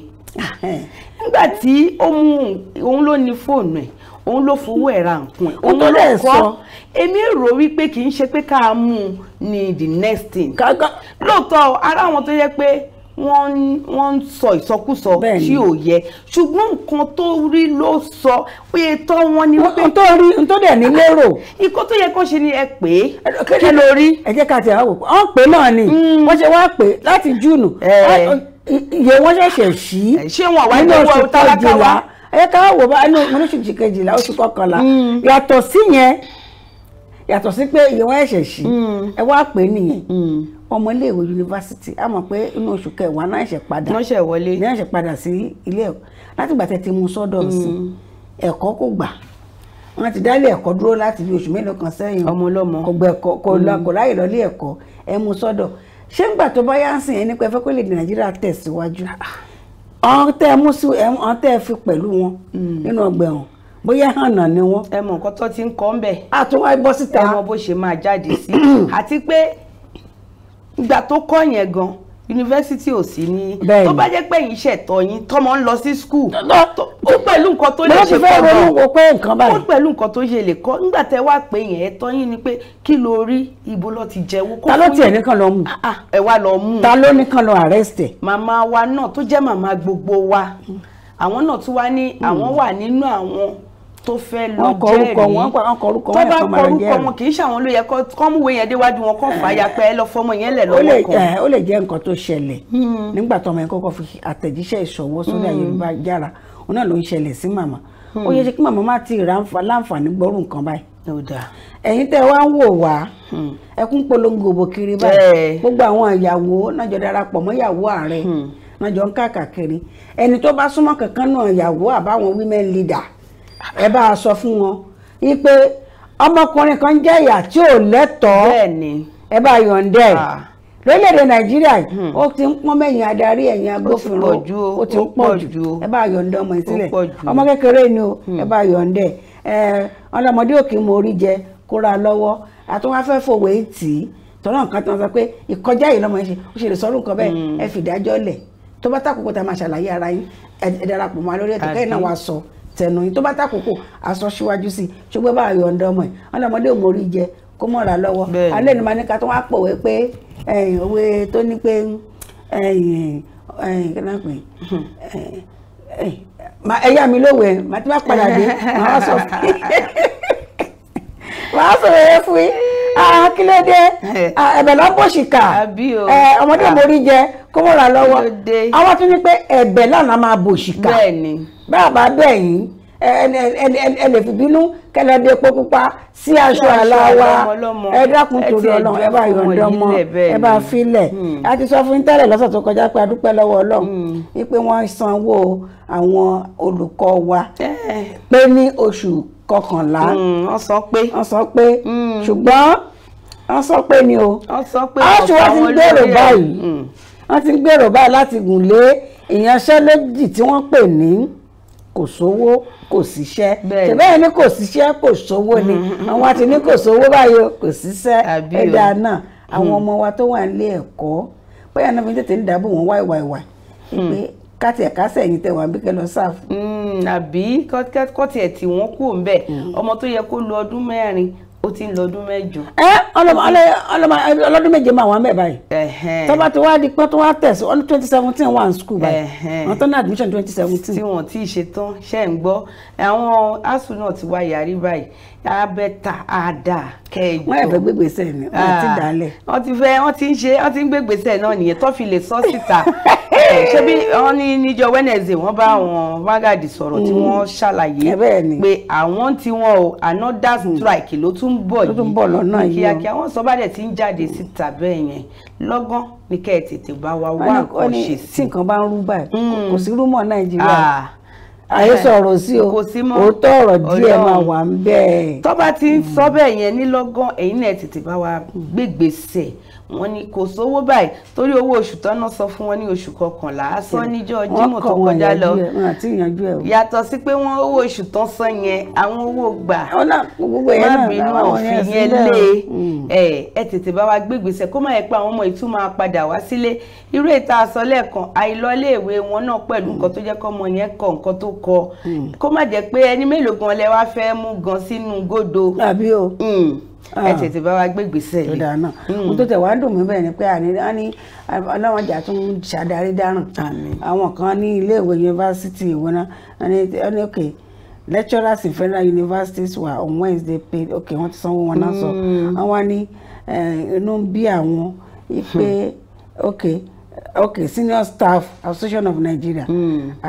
S2: nígbà tí ó mú òun ló ní fóònù ẹ̀ òun ló fowó ẹ̀ ra nǹkan ẹ̀ òun ló kọ́ èmi rò wípé kì í ṣe pé ká mú un ní the next thing lóòótọ́ ara àwọn tó yẹ pé wọ́n ń sọ ìsọkúsọ tí ò yẹ ṣùgbọ́n nǹkan tó rí ló sọ pé tọ́ wọn ni wípé n tó rí n tó dẹ̀ ní lérò. ikọ́ tó yẹ kó ṣe ni ẹ pè é kí ló rí. ẹ jẹ́ ká ti àwọn òpó ọ̀n pé náà ni mm. wọ́n ṣe wá pé láti júùnù iye wọ́n ṣẹ̀ṣẹ̀ sí. ṣé wọn wá ní ẹ ká wò bá inú oṣù kejìlá oṣù kọkànlá mm. yàtọ̀ sí yẹn yàtọ̀ sí pé ìyẹn wọ́n ẹ̀ṣẹ̀ sí mm. ẹ wá pè é nìyẹn mm. ọmọ iléèwé yunifásitì a mọ̀ pé inú oṣù kẹwàá náà ẹ̀ṣẹ̀ padà náà ẹ̀ṣẹ̀ wọlé náà ẹ̀ṣẹ̀ padà sí ilé ẹ̀kọ́ láti gbà tẹ́ ti mú sọ́dọ̀ sí ẹ̀kọ́ kò gbà wọ́n ti dálé ẹ̀kọ́ dúró láti bí oṣù mélòó kan sẹ́yìn ọmọ ọlọ́mọ ọgbà ẹ̀kọ́ kò lọ́kọ̀ láyè lọ́lé ẹ̀kọ́ ẹ mú sọ́dọ̀ ṣé ń gbà tó bá yá ń sìn ẹni pé kó lè Nàìjíríà tẹ̀síwájú ah, ọ̀n tẹ́ mú sí ọ̀n tẹ́ fi pẹ̀lú wọn hmm. nínú ọgbà ẹ̀wọ̀n bóyá hànà ni wọn. ẹ mọ nǹkan tó ti ń kọ́ ń bẹ̀. a tún wá bọ́ síta. ẹ mọ bó ṣe máa jáde sí àti pé ìgbà tó kọ́ yẹn gan yunifásitì ò sí ní tó bá jẹ́ pé yín ṣẹ̀tọ́ yín tọ́mọ ń lọ sí skul ó pẹ̀lú nǹkan tó lè ṣe kọ́ náà mo pé nǹkan báyìí ó pẹ̀lú nǹkan tó ṣe lè kọ́ nígbà tẹ́ wá pé yẹn ẹ̀tọ́ yín ni pé kí ló rí ibo ló ti jẹ́wọ́ kó fún yín ta ló tiẹ̀ nìkan lọ mú ah, ah, ẹ wá lọ mú ta ló nìkan lọ àrẹ́sìtẹ̀. màmá wa náà tó jẹ́ màmá gbogbo wa àwọn náà tún wá ní àwọn wà nínú àwọn tó fẹ́ lọ jẹ́rìí wọ́n kọ orúkọ wọn tó bá kọ orúkọ wọn kì í ṣàwọn ló yẹ kọ́ múwe yẹn déwájú wọn kọ́ fàáyà pé ẹ lọ fọmọ yẹn lẹ̀ lọ́wọ́ kan. ó lè jẹ́ nǹkan tó ṣẹlẹ̀ hmm. nígbà tọmọ yẹn kọ́kọ́ fi àtẹ̀jíṣẹ́ ìṣọwọ́ sórí hmm. ayélujára òun náà ló ń ṣẹlẹ̀ sí màmá hmm. ó yẹ ṣe kí màmá má ti rà láǹfààní gbọ́rù nǹkan báyìí ẹ̀yin tẹ́ wá ń wò wá ẹkún polongo òbò kiri báyìí gbogbo àwọn ìyàwó náà jọ darapọ̀ mọ́ ìyàwó ààrẹ náà jọ ń káàkiri ẹni tó bá súnmọ́ kankan náà ìyàwó àbáwọn women leader ẹ bá a sọ fún wọn wípé ọmọkùnrin kan jẹ́ ìyà tí ò lẹ́tọ̀ọ́ ẹ bá yọ̀ǹdẹ̀ lórílẹ̀‐èdè nàìjíríà hmm. ó ti ń mẹ́yìn adarí ẹ̀yìn agbófinró ó ti ń jù ẹ bá ọmọ ọmọ kékeré ni o ẹ hmm. bá yọ̀ǹdẹ̀ Ọlọmọdé òkè jẹ kóra fòwé tì í tọ́lá pé ìkọjá yìí lọ́mọ ẹ̀ṣẹ̀ ó ṣe lè sọ́rùn bẹ́ẹ̀ hmm. ẹ fìdájọ́ lẹ̀ a máa ṣàlàyé ara yín tẹnu yín tó bá tàkókò aṣọ síwájú sí i ṣùgbọ́n bá yọ̀ǹda ọmọ ẹ̀ wọn lọ́mọdé ò mórí jẹ kó mọ̀ra lọ́wọ́ alẹ́ ni maníka tó wá pòwe pé òwe tó ní pé ẹ̀yà mi lówẹ̀ màtí má padà dé màá sọ fún mi wàá sọ̀rọ̀ yẹn fún yín ah, kí ló dé ah, ẹ̀bẹ̀ ló ń bò ṣìkà eh, ọmọdé mórí jẹ kó mọ̀ra lọ́wọ́ àwọn tún ní pé ẹ̀bẹ̀ lánàá máa bò ṣìkà bẹ́ẹ̀ bá bẹ́ẹ̀ yín ẹ lè fi bínú kẹlẹ bí epo pupa sí aṣọ aláwa ẹ dákun torí Ọlọ́run ẹ bá yọ̀ǹda ọmọ ẹ bá filẹ̀ hmm. a ti sọ fún yín tẹ́lẹ̀ lọ́sẹ̀ tó kọjá pé a dúpẹ́ lọ́wọ́ Ọlọ́run hmm. wípé wọ́n sanwó àwọn olùkọ́ wa eh. pé ní oṣù kọkànlá. Mm, wọ́n sọ pé. wọ́n sọ pé mm. ṣùgbọ́n wọ́n sọ pé ni o. wọ́n sọ pé ọ̀pọ̀ àwọn olórí rẹ̀ mm. wọ́n ti ń gbèrò báyìí láti gùn lé ìyanṣẹ́lódì tí wọ́n pè ní kò sówó kò síṣẹ́ tẹ̀bẹ́ẹ̀ ni kò síṣẹ́ kò sówó ni àwọn àti ní kò sówó báyìí kò síṣẹ́ ẹ̀dá náà àwọn ọmọ wa tó wà ń dáàbò wọn wáìwáìwáì pé káti ẹ̀ka sẹ̀yìn tẹ̀ wọ́n abíkẹ́ lọ sáfù. Mm, àbí kọ́tì ẹ̀ tí wọ́n kú òun bẹ́ẹ̀ mm. ọmọ tó yẹ kó lo ọdún mẹ́rin ó ti ń lọ ọdún mẹ́jọ. ẹ ọlọ́dún méje máa wà ń báyìí. tọ́ba tó wá di pé tó wá tẹ̀sí ọdún twenty seventeen wà ní school báyìí wọ́n tó ní admission twenty seventeen. tí wọ́n ti ṣe tán ṣe ń gbọ́ àwọn asuu náà ti wá yàrí báyìí abẹ́ta àdá kẹjọ. wọ́n yẹ fẹ́ gbégbèsè ni wọ́n ti ah, dálẹ̀. wọ́n ti fẹ́ wọ́n ti ń ṣe wọ́n ti ń gbégbèsè náà nìyẹn tó fi lè sọ síta. Eh, ṣé bí wọ́n ní níjọ Wednesday wọ́n bá àwọn Vanguard sọ̀rọ̀ tí mm. wọ́n ṣàlàyé eh, pé àwọn tí wọ́n o another mm. strike ló tún bọ̀ yìí kíákíá wọ́n sọ bá dẹ̀ ti ń jáde mm. síta bẹ́ẹ̀ yẹn lọ́gán ní kẹ́ ẹ̀ tètè bá wa wá nǹkan ṣe sí. tí nǹkan bá ń rú báyìí kò sí rúmọ̀ Nàìjíríà ah àyè sọ̀rọ̀ sí o kò sí mọ́ òótọ́ ọ̀rọ̀ díẹ̀ máa wà ń bẹ́ẹ̀. tó bá ti ń sọ bẹ́ẹ̀ yẹn nílọ́gán ẹ̀yin náà tètè bá wa gbégbèsè wọ́n ní kò sówó báyìí torí owó oṣù tọ́nà sọ fún wọn ní oṣù kọkànlá sọ níjọ́ Jímọ̀ tó kọjá lọ yàtọ̀ sí pé wọ́n owó oṣù tán san yẹn àwọn owó gbà má bínú òfin yẹn lé mm. ẹ ẹ tètè bá wa gbégbèsè kó má yẹ pé àwọn ọmọ ìtú máa padà wá sílé irú ètò àsọ lẹ́ẹ̀kan àìlọ́léèwé wọn náà pẹ̀lú mm. nǹkan tó jẹ́ kọ́mọ yẹn kọ nǹkan tó kọ mm. kó má jẹ́ pé ẹni mélòó gan lẹ wá fẹ́ mú gan sínú gòdò. àbí o. Ah. ẹ tètè bá wa gbé gbèsè lé. ìdá náà mo hmm. tó tẹ̀ wá dùn mí bẹ́ẹ̀ ni pé àní àní ọlọ́wọ́n jà tún ṣàdarí dáràn àwọn kan ní iléèwé yunifásitì ìwé náà ní òkè lecturers in federal universities were on Wednesday paid okay wọ́n ti sanwó wọn náà sọ hmm. àwọn ní inú bí àwọn pé hmm. okay okay senior staff association of Nigeria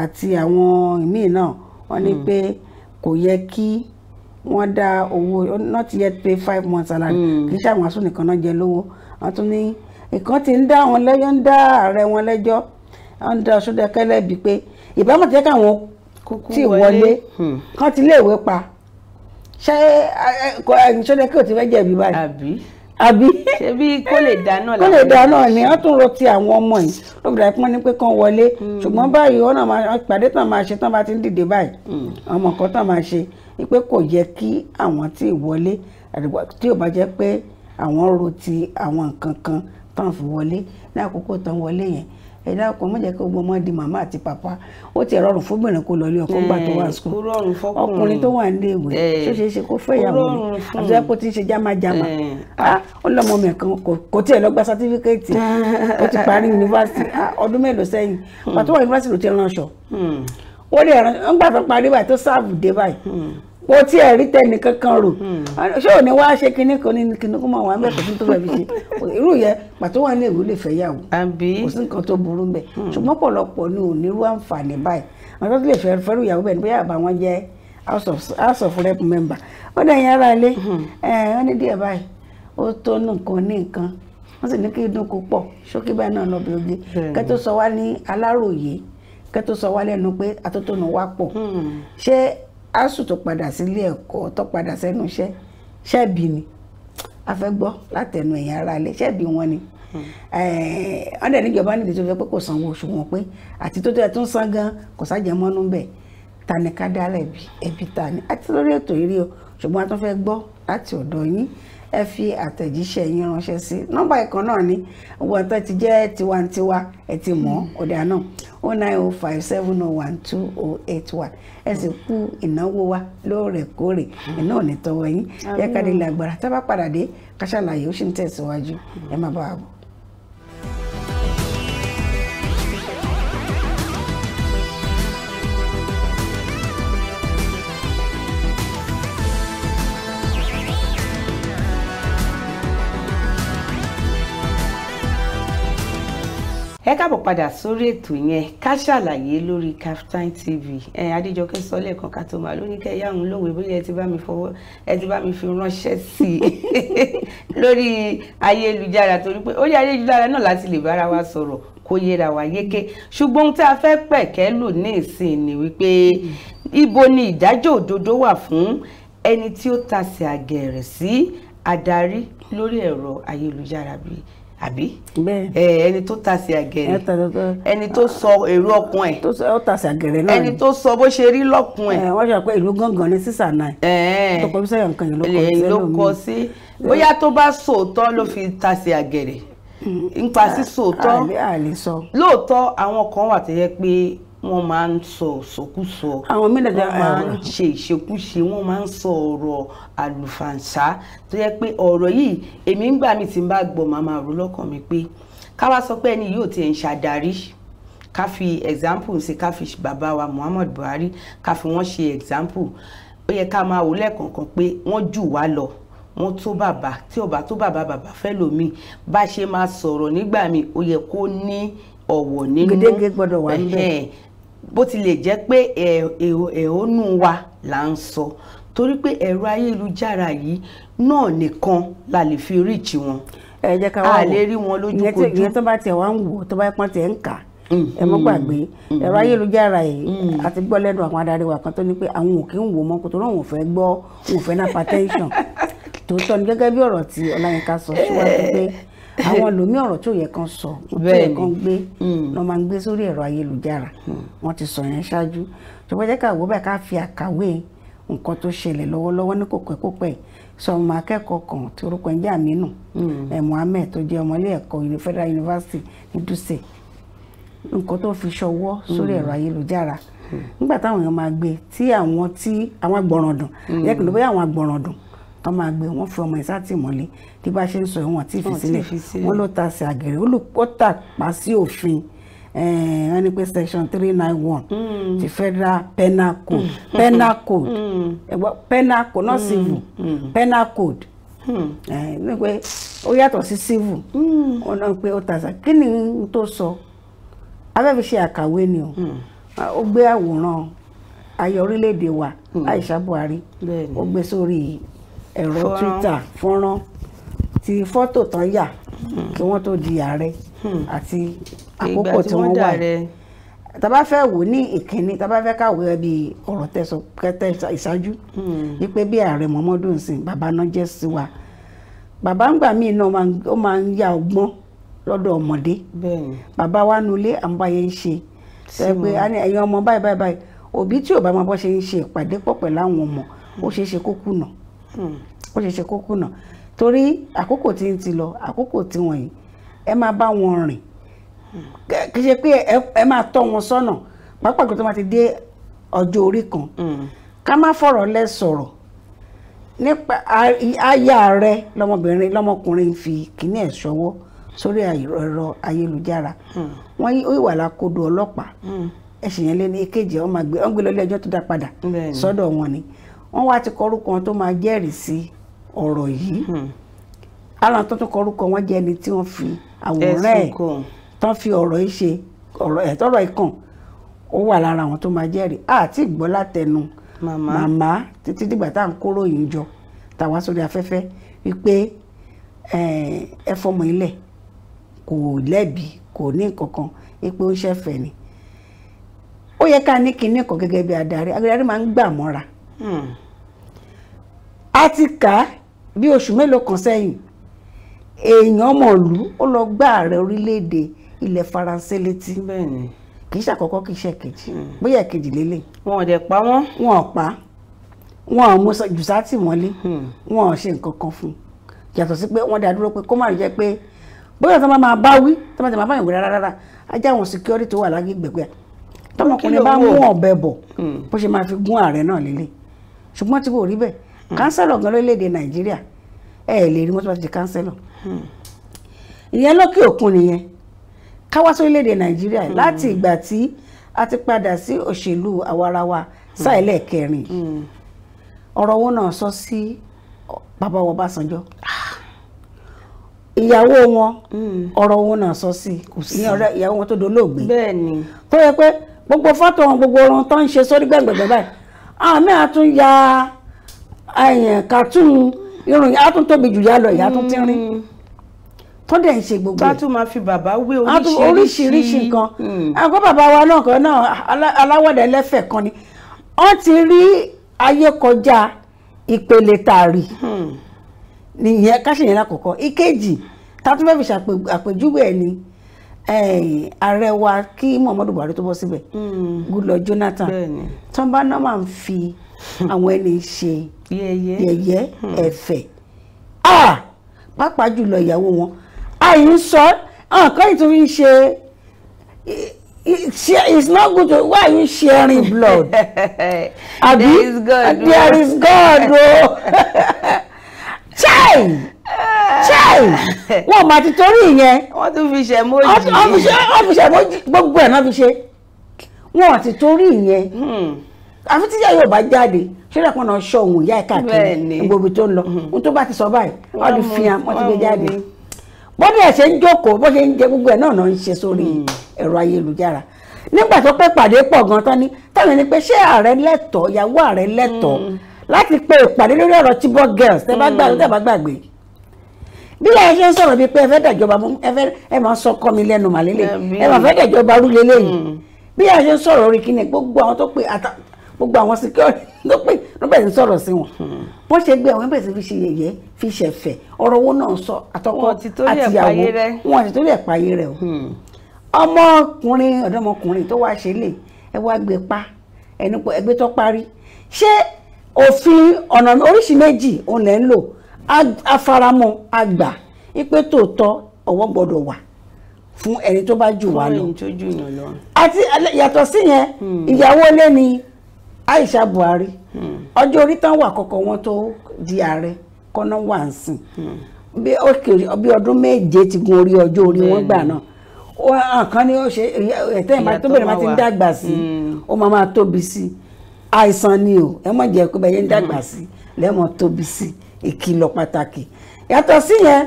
S2: àti àwọn míì náà wọ́n ní pé kò yẹ kí wọ́n dá owó not yet pay five months salary hmm. kì í ṣàwọn àsùn nìkan náà jẹ lówó wọ́n tún ní ìkan tí ń dá wọn lẹ́jọ́ ń dá ààrẹ wọn lẹ́jọ́ wọ́n dá Ṣódẹkẹ́ lẹ́bi pé ìbámu ti jẹ́ káwọn tí wọlé hmm. kán ti léèwé pa ṣé Ṣódẹkẹ́ ò ti fẹ́ jẹ̀bi báyìí àbí ṣebí kó lè dáná làwọn kó lè dáná ni wọ́n tún rò ti àwọn ọmọ yìí ló bìrà pọn ní pé kán wọlé hmm. ṣùgbọ́n báyìí wọ́n náà máa pàdé tán máa ṣe tán bá ti ń dìde báyìí ọmọ kan tán máa ṣe wípé kò yẹ kí àwọn tí ì wọlé tí ò bá jẹ́ pé àwọn ro ti àwọn nǹkan kan tán fi wọlé ní àkókò tán wọlé yẹn ẹ dákun má jẹ́ kí gbogbo ọmọ di màmá àti pàpá ó ti rọrùn fóbìnrin kó lọlé ọkọ gbà tó wà skul ọkùnrin tó wà nílé ìwé tó ṣe é ṣe kó fẹ́ ìyàwó mi àti ẹ̀kọ́ tí ń ṣe jámájámá ah, ó lọ́mọ mi kan kò tiẹ̀ lọ gba sátífíkẹ́ẹ̀tì ó ti parí yunifásitì ah, ọdún mélòó sẹ́yìn pàtó wà yunifásitì ló ti ránṣọ hmm. ó lè ránṣọ ń tó parí báyìí tó sáàbù dé báyìí hmm kò tí ẹ̀ rí tẹnì kankan rò hmm. ṣé ò ní wá ṣe kinní kan ní kinní kó máa wà mẹ́ kò sí tó fẹ́ fi ṣe irú yẹn pàtó wà ní èwe lè fẹ́ yàwó kò sí nǹkan tó burú bẹ́ẹ̀ hmm. ṣùgbọ́n pọ̀lọpọ̀ ni ò ní irú àǹfààní báyìí àwọn tó lè fẹ́ fẹ́rù ìyàwó bẹ́ẹ̀ ni bóyá àbá wọn jẹ́ house of rep member ó dẹ̀ yẹn ara ilé hmm. ẹ̀ wọ́n ní díẹ̀ báyìí ó tó nǹkan ní nǹkan wọ́n sì ní kí inú kó pọ̀ ṣókí báyìí náà lọ́bẹ̀ oge kẹ́ tó sọ wá ní aláròyé kẹ́ tó sọ wá lẹ́nu pé atótónu wá pọ̀ ṣé asù tó padà sílé ẹ̀kọ́ tó padà sẹ́nu iṣẹ́ ṣẹ́bi ni a fẹ́ gbọ́ látẹnu ẹ̀yìn ara ilé ṣẹ́bi wọn ni ọ̀dẹ níjọba nídìí tó fẹ́ pé kò sanwó oṣù wọn pé àti tó tó ẹ tún san gan kò sájẹmọ́nú bẹ́ẹ̀ ta ni ká dálẹ̀ ẹbí ta ni àti lórí ètò yìí rí o ṣùgbọ́n a tún fẹ́ gbọ́ láti ọ̀dọ̀ yín ẹ fi àtẹ̀jíṣẹ́ yín ránṣẹ́ sí nọ́mbà ìkan náà ni owó ọ̀tọ́ ti jẹ́ tiwantiwa ẹ ti mọ̀ ọ̀dà náà o oh nine o oh five seven o oh one two o eight one ẹ sì kú ìnáwó wa lóòrèkóòrè iná ò ní tọwọ́ yín yẹ ká dé ilé agbára tá padà dé ká ó sì ń tẹ̀síwájú ẹ má bàa bọ̀. ẹ káàbọ̀ padà sórí ètò yẹn ká ṣàlàyé lórí Kaftan TV ẹ adéjọkẹ́ sọ lẹ́ẹ̀kan ká tó máa lóní kẹ́ yáhùn lówe bóyá ẹ ti bá mi fọwọ́ ẹ ti bá mi fi ránṣẹ́ sí i lórí ayélujára torí pé orí ayélujára náà láti lè bára wa sọ̀rọ̀ kó yẹra wa yéké ṣùgbọ́n ohun tí a fẹ́ pẹ̀kẹ́ lò ní ìsìn ni wípé ibo ni ìdájọ́ òdodo wà fún ẹni tí ó tasẹ̀ àgẹ̀rẹ̀ sí adarí lórí ẹ̀rọ ayélujára bíi àbí ẹni tó tasẹ̀ àgẹ̀rẹ̀ ẹni tó sọ èrò ọkàn ẹ̀ ó tasẹ̀ àgẹ̀rẹ̀ náà ẹni tó sọ bó ṣe rí lọ́kàn ẹ̀. wọ́n ṣe pé ìlú gangan ni sísà náà tó kọ sí ẹ̀yàn kan yìí ló kọ sí bóyá tó bá sòótọ́ ló fi tasẹ̀ àgẹ̀rẹ̀ mm. nípa sísòótọ́ lóòótọ́ àwọn kan wà tó yẹ pé wọ́n máa ń sọ sọkúsọ àwọn mẹ́lẹ̀dá wọ́n máa eh, ń ṣe ìṣekúṣe wọ́n máa ń sọ ọ̀rọ̀ àlùfàǹṣá tó yẹ pé ọ̀rọ̀ yìí èmi ń gbà mí tí n bá gbọ́ màá máa lọ́kàn mi pé ká wá sọ pé ẹni yóò tiẹ̀ ń ṣàdarí ká fi example ṣe ká fi bàbá wa Muhammad Buhari ká fi wọ́n ṣe example ó yẹ ká máa wò lẹ́ẹ̀kọ̀ọ̀kan pé wọ́n jù wá lọ wọn tó bàbá tí ọba tó bàbá bàbá fẹ́ lómi bá ṣe máa sọ̀rọ̀ nígbà mi ó yẹ kó ní ọ̀wọ̀ nínú gbèdéke gbọ́dọ̀ wà níbẹ̀ bó tilẹ̀ jẹ́ pé ẹ̀hónú wa là ń sọ torí pé ẹ̀rọ ayélujára yìí náà nìkan la lè fi ríìchì wọn ẹ jẹ́ ká wá wò a lè rí wọn lójúkojú ìyẹn tó bá tiẹ̀ wá ń wò tó bá pọ́n tiẹ̀ ń kà mm, ẹ mọ́ mm, gbàgbé mm, ẹ̀rọ ayélujára yìí àti gbọ́ lẹ́nu àwọn adarí wa kan tó ní pé àwọn ò kí ń wò mọ́ kó tó náà wọ́n fẹ́ gbọ́ wọ́n fẹ́ náà hypertension tòótọ́ ni gẹ́gẹ́ bí ọ̀rọ̀ tí Ọláyínká sọ síwájú pé àwọn lòmí ọ̀rọ̀ tí ò yẹ kan sọ tí ò yẹ kan gbé lọ́ hmm. máa ń gbé sórí ẹ̀rọ ayélujára hmm. wọ́n ti sọ yẹn ṣáájú ṣùgbọ́n jẹ́ ká wò báyìí ká fi àkàwé nǹkan tó ṣẹlẹ̀ lọ́wọ́lọ́wọ́ ní kòpẹ́kòpẹ́ sọ ọmọ akẹ́kọ̀ọ́ kan tí orúkọ ẹ̀ ń jẹ́ Aminu Muhammed hmm. eh, tó jẹ́ ọmọ ilé ẹ̀kọ́ Federal University ní Dutse nǹkan tó fi ṣọwọ́ sórí ẹ̀rọ ayélujára nígbà táwọn èèyàn máa gbé tí àwọn tí àwọn agbọ̀ràndùn yẹ kí ló bóyá àwọn agbọ̀ràndùn tó máa gbé wọn fi ọmọ ẹ sátìmọ́lé tí bá ṣe ń sọ ìwọ̀n tí fi sílẹ̀ wọn ló ta sí àgẹ̀rẹ̀ ó tà pa sí òfin eh, wọ́n ní pé section three nine one hmm. ti federal penal code hmm. penal code hmm. penal code not civil penal code eh, ní pé ó yàtọ̀ sí civil wọn náà pé ó ta sí kí ni n tó sọ abẹ́fi ṣe àkàwé ni o ah, ó gbé àwòrán ayọ̀ orílẹ̀-èdè wa Aisha Buhari ó gbé sórí ẹ̀rọ Twitter fọ́nrán ti fọ́tò tán yà hmm. kí wọ́n tó di ààrẹ hmm. àti àkókò tí wọ́n wà tàbá fẹ́ wò ní ìkíní tàbá fẹ́ káwé ẹbí ọ̀rọ̀ tẹ̀sọ kẹtẹ ìṣáájú hmm. wípé bí ààrẹ Muhammadu Nsìn bàbá náà jẹ́ sí wa bàbá ń gbà míì náà ó máa ń ya ọgbọ́n lọ́dọ̀ ọmọdé bàbá wa nulẹ̀ à ń bá yẹn ṣe ẹgbẹ́ ẹ̀yin ọmọ báyìí báyìí báyìí òbí tí ò bá máa bọ́ ṣe ń ṣe ìpàdé pọ̀ pẹ̀lú àwọn ọmọ ó ṣeé ṣe kó kùnà. Hmm. ó ṣe ṣe kókó náà torí àkókò tí ń ti lọ àkókò tí wọ̀nyí ẹ máa bá wọn rìn kì í ṣe pé ẹ máa tọ́ wọn sọ́nà pàápàá tó máa ti dé ọjọ́ orí kan hmm. ká má fọ̀rọ̀ lẹ́ sọ̀rọ̀ nípa aya rẹ lọmọbìnrin lọmọkùnrin fi kíní ẹ̀ ṣọwọ́ sórí ẹ̀rọ ayélujára hmm. wọ́n yí ìwà lákodo ọlọ́pàá ẹ̀sìn yẹn lé ní èkejì ọmọ àgbẹ̀ ọ̀gbẹ́ lọ́lé ẹjọ́ tó dá padà sọ́dọ̀ wọn ni. Mm wọ́n wá ti kọrúkọ wọn tó máa jẹ́rìí sí ọ̀rọ̀ yìí hmm. àwọn tó tún kọrúkọ wọn jẹ́ ẹni tí wọ́n fi àwòrán ẹ̀ tán fi ọ̀rọ̀ yìí ṣe ọ̀rọ̀ ẹ̀ tọ́rọ̀ yìí kàn ó wà lára àwọn tó máa jẹ́rìí àti ìgbọ́ látẹnu màmá títí dìgbà tá à ń kóró yìí jọ tàwa sórí afẹ́fẹ́ wípé ẹ ilẹ̀ kò lẹ́bi kò ní nǹkan wípé ó ṣẹ̀fẹ̀ ni ó yẹ ká ní kinní kan gẹ́gẹ́ bí adarí adarí máa ń gbà mọ́ra Hmm. a ti kà á bí oṣù mélòó kan sẹ́yìn èèyàn ọmọlú ó lọ gbá ààrẹ orílẹ̀-èdè ilẹ̀ faransé létí kì í ṣàkọ́kọ́ kì í ṣe kejì hmm. bóyá ẹ̀kejì lélẹ̀. wọn ò dẹ̀ pa wọ́n. wọn ò pa wọn ò mú jùsátì mọ́lé hmm. wọn ò ṣe nǹkan kan fún un yàtọ̀ sí pé wọ́n dá dúró pé kó má rí jẹ́ pé bóyá tó máa bá wí tó máa tẹ̀ máa bá yàn wí rárá rárá ajá àwọn security tó wà lágbègbè pé tọmọkùnrin bá mú ọ̀bẹ bọ̀ bó ṣe máa fi gún ààrẹ náà lélẹ̀ ṣùgbọ́n tí kò rí bẹ́ẹ̀ hmm. kánsẹ́lọ̀ gan lórílẹ̀‐èdè nàìjíríà ẹ ẹ̀ lè rí wọ́n tó bá ti di kánsẹ́lọ̀ hmm. ìyẹn lókè òkun nìyẹn káwá sórílẹ̀‐èdè nàìjíríà hmm. láti ìgbà tí a ti padà sí òṣèlú àwarawa sáìlẹ̀ kẹrin ọ̀rọ̀ wọn náà sọ sí bàbá wọn Ọbásanjọ́ ìyàwó wọn ọ̀rọ̀ wọn náà sọ sí ní ọ̀rẹ́ ìyàwó wọn tó dolóògbé tó yẹ pé gbogbo fọ́tò wọn gbogbo ohun tó ń ṣe sórí gbẹ̀ngbẹ̀ngbẹ̀ báyìí àmì àtún ya kàtún eh, irun yìí àtún tóbi jù yá lọ ìyá tún tínrín hmm. tó dẹ̀ ń ṣe gbogbo ẹ̀. bá tún máa fi bàbá wé oríṣiríṣi nǹkan hmm. àgọ́ bàbá wa náà kan náà aláwọ̀dẹ lẹ́fẹ̀ kan ni wọ́n ti rí ayé kọjá ìpele tààrí nìyẹn hmm. káṣíyẹn lákòókò ìkejì tá a tún fẹ́ fi ṣàpèjúwe ẹ̀ ni. Hmm ààrẹ wa kí Muhammadu Buhari tó bọ́ síbẹ̀ hmm. Goodluck Jonathan tán bá náà máa ń fi àwọn ẹni ṣe yẹ̀yẹ́ hmm. ẹ̀fẹ̀ pàápàá jùlọ ìyàwó wọn àyè ń sọ nǹkan ìtúrí ń ṣe it's not good to why are you sharing blood abi there is God there is oh. God o chai chai wọn máa ti torí ìyẹn. wọ́n tún fi ṣẹ̀mójì. wọ́n fi ṣẹ̀mójì gbogbo ẹ̀ náà fi ṣe wọn ti torí ìyẹn hmm. àfi tíjà yóò bá jáde ṣẹlẹ̀ kan náà ṣọ òun ìyá ẹ̀ káàkiri gbogbo tó ń lọ hmm. ohun tó bá ti sọ báyìí wọ́n ti fi hàn wọ́n ti gbé jáde bọ́dí ẹ̀ ṣe ń jókòó bó ṣe ń jẹ gbogbo ẹ̀ náà náà ń ṣe sórí hmm. ẹ̀rọ ayélujára nígbà tó pẹ́ pàdé pọ̀ gan tán ni tẹ́lẹ̀ ni pé ṣé ààrẹ lẹ́tọ̀ọ́ ìyàwó ààrẹ lẹ́tọ̀ọ́ láti pe ìpàdé lórí ọ̀rọ̀ Chibok girls tẹ́ bá gbàgbé bí ẹ ṣe ń sọ̀rọ̀ bíi pé ẹ fẹ́ dàjọba mú ẹ fẹ́ ẹ máa sọ kọ́ mi lẹ́nu màlélẹ̀ ẹ máa fẹ́ dàjọba rú lélẹ́yìn mm. bí ẹ ṣe ń sọ̀rọ̀ orí kíni gbogbo àwọn tó pè àtà gbogbo àwọn security ló pè ló bẹ̀rẹ̀ ń sọ̀rọ̀ sí wọn wọ́n ṣe gbé àwọn ẹ̀bẹ̀rẹ̀ fi ṣe yẹ̀yẹ́ fi ṣẹ̀fẹ̀ ọ̀rọ̀ owó náà sọ àtọkọ àtìyàwó wọn ti torí ẹ̀ payé rẹ̀ o hmm. ọmọkùnrin ọ̀dọ́mọkùnrin tó wá ṣe lè ẹ wá gbé pa ẹnu ẹgbẹ́ tó parí ṣé òfin ọ̀nà oríṣi méjì òun lẹ́ ń lò afaramọ́ àgbà ipe tòótọ́ ọwọ́ gbọ́dọ̀ wà fún ẹni tó bá jù wá lọ àti yàtọ̀ síyẹn hmm. ìyàwó ilé ni Aisha Buhari hmm. ọjọ́ orí tán wà kọ́kọ́ wọn tó di ààrẹ kọ́nà wà ń sìn hmm. bí ọdún méje ti gun orí ọjọ́ orí wọn gbà náà nǹkan ni ó ṣe ẹ̀tẹ́ ìmọ̀ tó bẹ̀rẹ̀ máa ti ń dàgbà sí ó máa máa tóbi sí àìsàn ni o ẹ mọ̀ jẹ́ pé bẹ́ẹ̀ yẹn ń dàgbà sí lẹ́mọ̀ tóbi sí ìkìlọ̀ pàtàkì yàtọ̀ síyẹn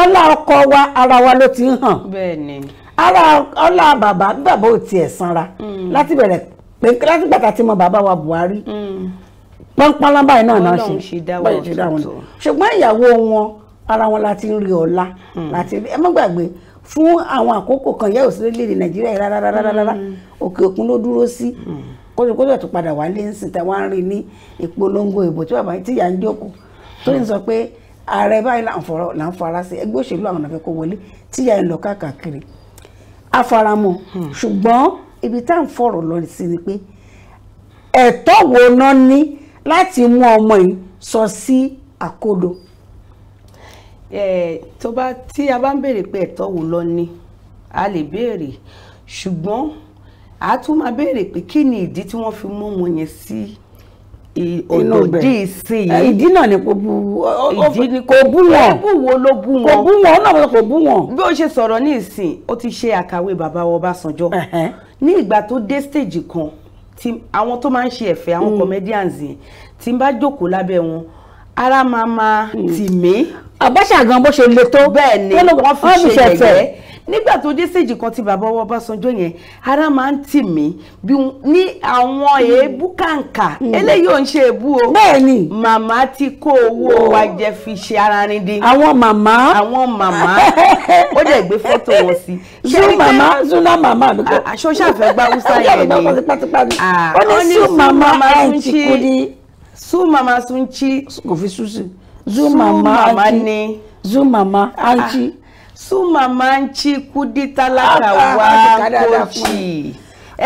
S2: ọlá ọkọ wa ara wa ló ti ń hàn ara ọlá bàbá bàbá ò tiẹ̀ sanra mm. láti bẹ̀rẹ̀ pé láti gbàtà tí mo bàbá wa Buhari mm. pọ́npọ́nlá báyìí náà náà ṣe báyìí ṣe dáhùn ṣùgbọ́n ìyàwó wọn ara wọn láti rí ọlá mm. láti rí ẹ má gbàgbé fún àwọn àkókò kan yẹ́ òsì lórílẹ̀-èdè nàìjíríà yìí òkè òkun ló dúró sí kóṣokóṣo tó padà wálé ń sìn táwọn ń rí ní ìpolongo ìbò tí bàbá tíyà ń jókòó torí ń sọ pé ààrẹ báyìí là ń fara sí ẹgbẹ́ òṣèlú àwọn ọ̀nà fẹ́ kó wọlé tíyà ń lọ káàkiri afaramọ́ hmm. ṣùgbọ́n ibi tá à ń fọ̀rọ̀ lọ sí ni pé ẹ̀tọ́ wo ná ní láti mú ọmọ yìí sọ sí àkodo. tó bá tí a bá ń béèrè pé ẹ̀tọ́ wo lọ ní a lè béèrè ṣùgbọ́n a tún máa béèrè pé kí ni ìdí tí wọ́n fi mú ọmọ yẹn sí. Si òdì sí i. ìdí náà ni kò bú ìdí ni kò bú wọn kò bú wọn ló bú
S1: wọn kò bú wọn ó náà kò bú wọn.
S2: bí ó ṣe sọ̀rọ̀ ní ìsìn ó ti ṣe àkàwé bàbá Ọbásanjọ́ ní ìgbà tó dé stage kan tí àwọn tó máa ń ṣe ẹ̀fẹ̀ àwọn mm. comedians yẹn tí n bá jókòó lábẹ́ wọn ara máa ma mm. tì mí. Abacha gan bó ṣe le tó bẹ́ẹ̀ ni fi ṣe ẹ̀fẹ̀ nígbà tó dé séjì kan ti bàbá ọwọ́ Ọbásanjọ́ yẹn ara máa ń tì mí bí ní àwọn hmm. èébú kàǹkà hmm. eléyìí ò ń ṣe èébú o bẹ́ẹ̀ni màmá ti kó owó wa jẹ fi ṣe ara rin di àwọn màmá àwọn màmá ó dẹ̀ gbé fọ́tò wọn sí. ṣé màmá zuna màmá ló kọ́ aṣọ́ṣà fẹ́ gbá húsá yẹn ni ó ní sùn màmá ẹ̀ ń kú ní. sùn màmá sùn chi kò fi sùn sí zun màmá ni zun màmá ájí su mama nchi kudi tálákà wá kochi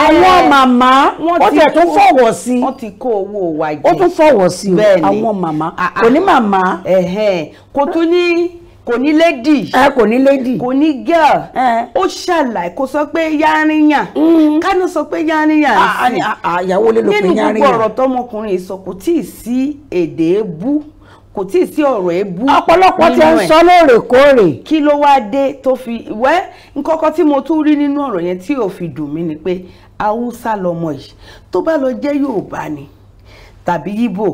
S2: àwọn màmá ó tẹ̀ tún fọ̀wọ̀ sí wọ́n ti kó owó wa jẹ ó tún fọ̀wọ̀ sí o àwọn màmá ah, ah. kò ní màmá kò tún ní kò ní lady ẹ kò ní lady kò ní girl ó ṣàlàyé kò sọ pé yáríyàn mm. kánú sọ pé yáríyàn ah, sí nínú gbogbo ọ̀rọ̀ tọmọkùnrin ìsọkò tí ì sí èdè bú kò tí ì sí ọ̀rọ̀ èébú nínú ẹ̀ ọ̀pọ̀lọpọ̀ ti ń sọ lóòrèkóòrè. kí ló wáá dé tó fi wẹ́ nkankan tí mo tún rí nínú ọ̀rọ̀ yẹn tí ò fi dùn mí ni pé haúsá lọmọ yìí tó bá lọ jẹ́ yorùbá ni tàbí ibo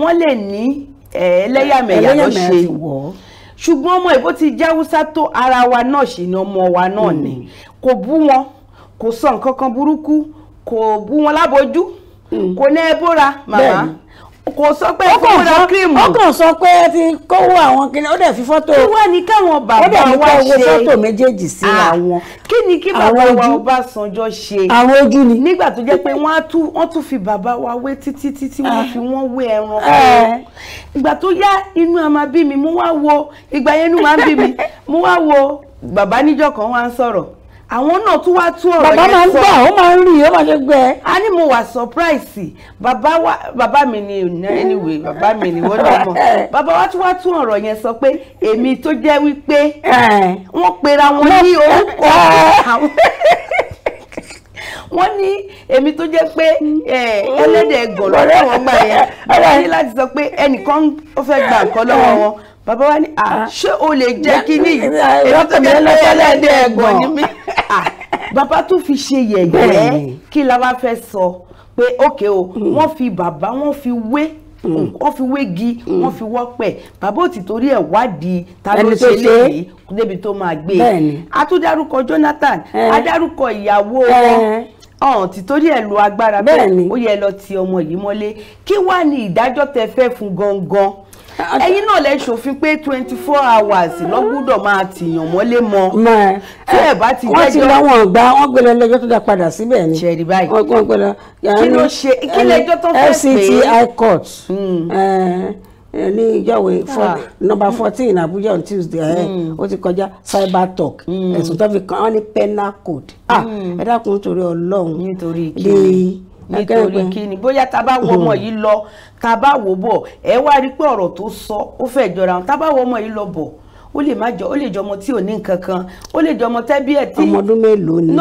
S2: wọ́n lè ní ẹlẹ́yàmẹ̀yà ló ṣe ṣùgbọ́n ọmọ ìbò ti jẹ́ haúsá tó ara wa náà ṣì ni ọmọ wa náà ni mm. kò bú wọn kò sọ nǹkan burúkú kò bú wọn lábojú mm. kò ní ẹ bóra màmá kò sọ pé fún ra kírìmù. ó kàn sọ pé ẹ ti kówó àwọn kìnìún ó dẹ̀ fi fọ́tò. kí wàá ní káwọn bàbá wa ṣe ó dẹ̀ ní káwọn fọ́tò méjèèjì sí àwọn. Ah, kí ni kí bàbá wa Ọbásanjọ́ ṣe. àwọn ojú ni. nígbà tó jẹ́ pé wọ́n tún fi bàbá wa wé títí títí wọ́n ah. fi wọ́n wé ẹran eh. kan. ìgbà tó yá inú àmà bí mi mo wá wo ìgbà yẹn inú máa bí mi mo wá wo bàbá níjọ́ kan wá ń sọ̀rọ̀ àwọn náà tún wá tún ọ̀rọ̀ yẹn sọ bàbá máa ń gbà ó máa ń rí ó máa ṣe gbẹ. a ní mo wà surprise bàbá wa bàbá mi ni anyway bàbá mi ni wọ́n náà mọ̀ bàbá wa tún wá tún ọ̀rọ̀ yẹn sọ pé èmi tó jẹ́ wípé wọ́n pera wọn ní orúkọ àwọn wọ́n ní èmi tó jẹ́ pé ẹlẹ́dẹ̀ẹ́gàn lọ́wọ́ wọn gbà yẹn wọ́n ní láti sọ pé ẹnìkan ó fẹ́ gba nǹkan lọ́wọ́ wọn bàbá wa ní ah. ṣé o lè jẹ́ kí ní èyí tó jẹ́ lọ́sọ̀lẹ́dẹ̀ ẹ̀gbọ́n ní mi. Ah, bàbá tó fi ṣe yẹ̀yẹ́ kí la wá fẹ́ sọ pé ókè o hmm. wọ́n fi bàbá wọ́n fi wé hmm. wọ́n fi wégi hmm. wọ́n fi wọ́pẹ̀ bàbá ò ti torí ẹ̀ wádìí ta ló ṣe léyìí débi tó máa gbé e. a tún dárúkọ Jonathan a dárúkọ ìyàwó wọn ọ̀hún ti torí ẹ̀ lo agbára bẹ́ẹ̀ ó yẹ lọ ti ọmọ yìí mọ́lé kí wàá ní ìdájọ́ tẹ fẹ́ fún gangan ẹ̀yin náà lẹ ṣòfin pé twenty four hours ló gbọ́dọ̀ máa tìyàn mọ́lé mọ́ tí ẹ bá ti jẹ́jọ́ wọ́n ti láwọn gbá wọ́n gbé lẹ́jọ́ tó dá padà síbẹ̀ ni ṣẹ̀rí báyìí wọ́n gbé lọ kí ló ṣe kí lẹ́jọ́ eh, tó fẹ́ pé FCTI court hmm. eh, eh, ní ìjọwé ah. nọ́mbà fourteen Abuja on Tuesday ẹ hmm. ó ti kọjá cyber talk hmm. ẹ̀sùn tó fi kàn án ní penal code ah, ẹ dákun torí Ọlọ́run nítorí kí ni nítorí kíni bóyá tá a bá wọ ọmọ yìí lọ tá bá wò bọ̀ ẹ wá rí pé ọ̀rọ̀ tó sọ ó fẹ́ jọra tá bá wọ ọmọ yìí lọ bọ̀ ó lè má jọ ó lè jọ ọmọ tí ò ní nǹkan kan ó lè jọ ọmọ tẹ́bí ẹ̀ tí ọmọ ọdún mélòó ni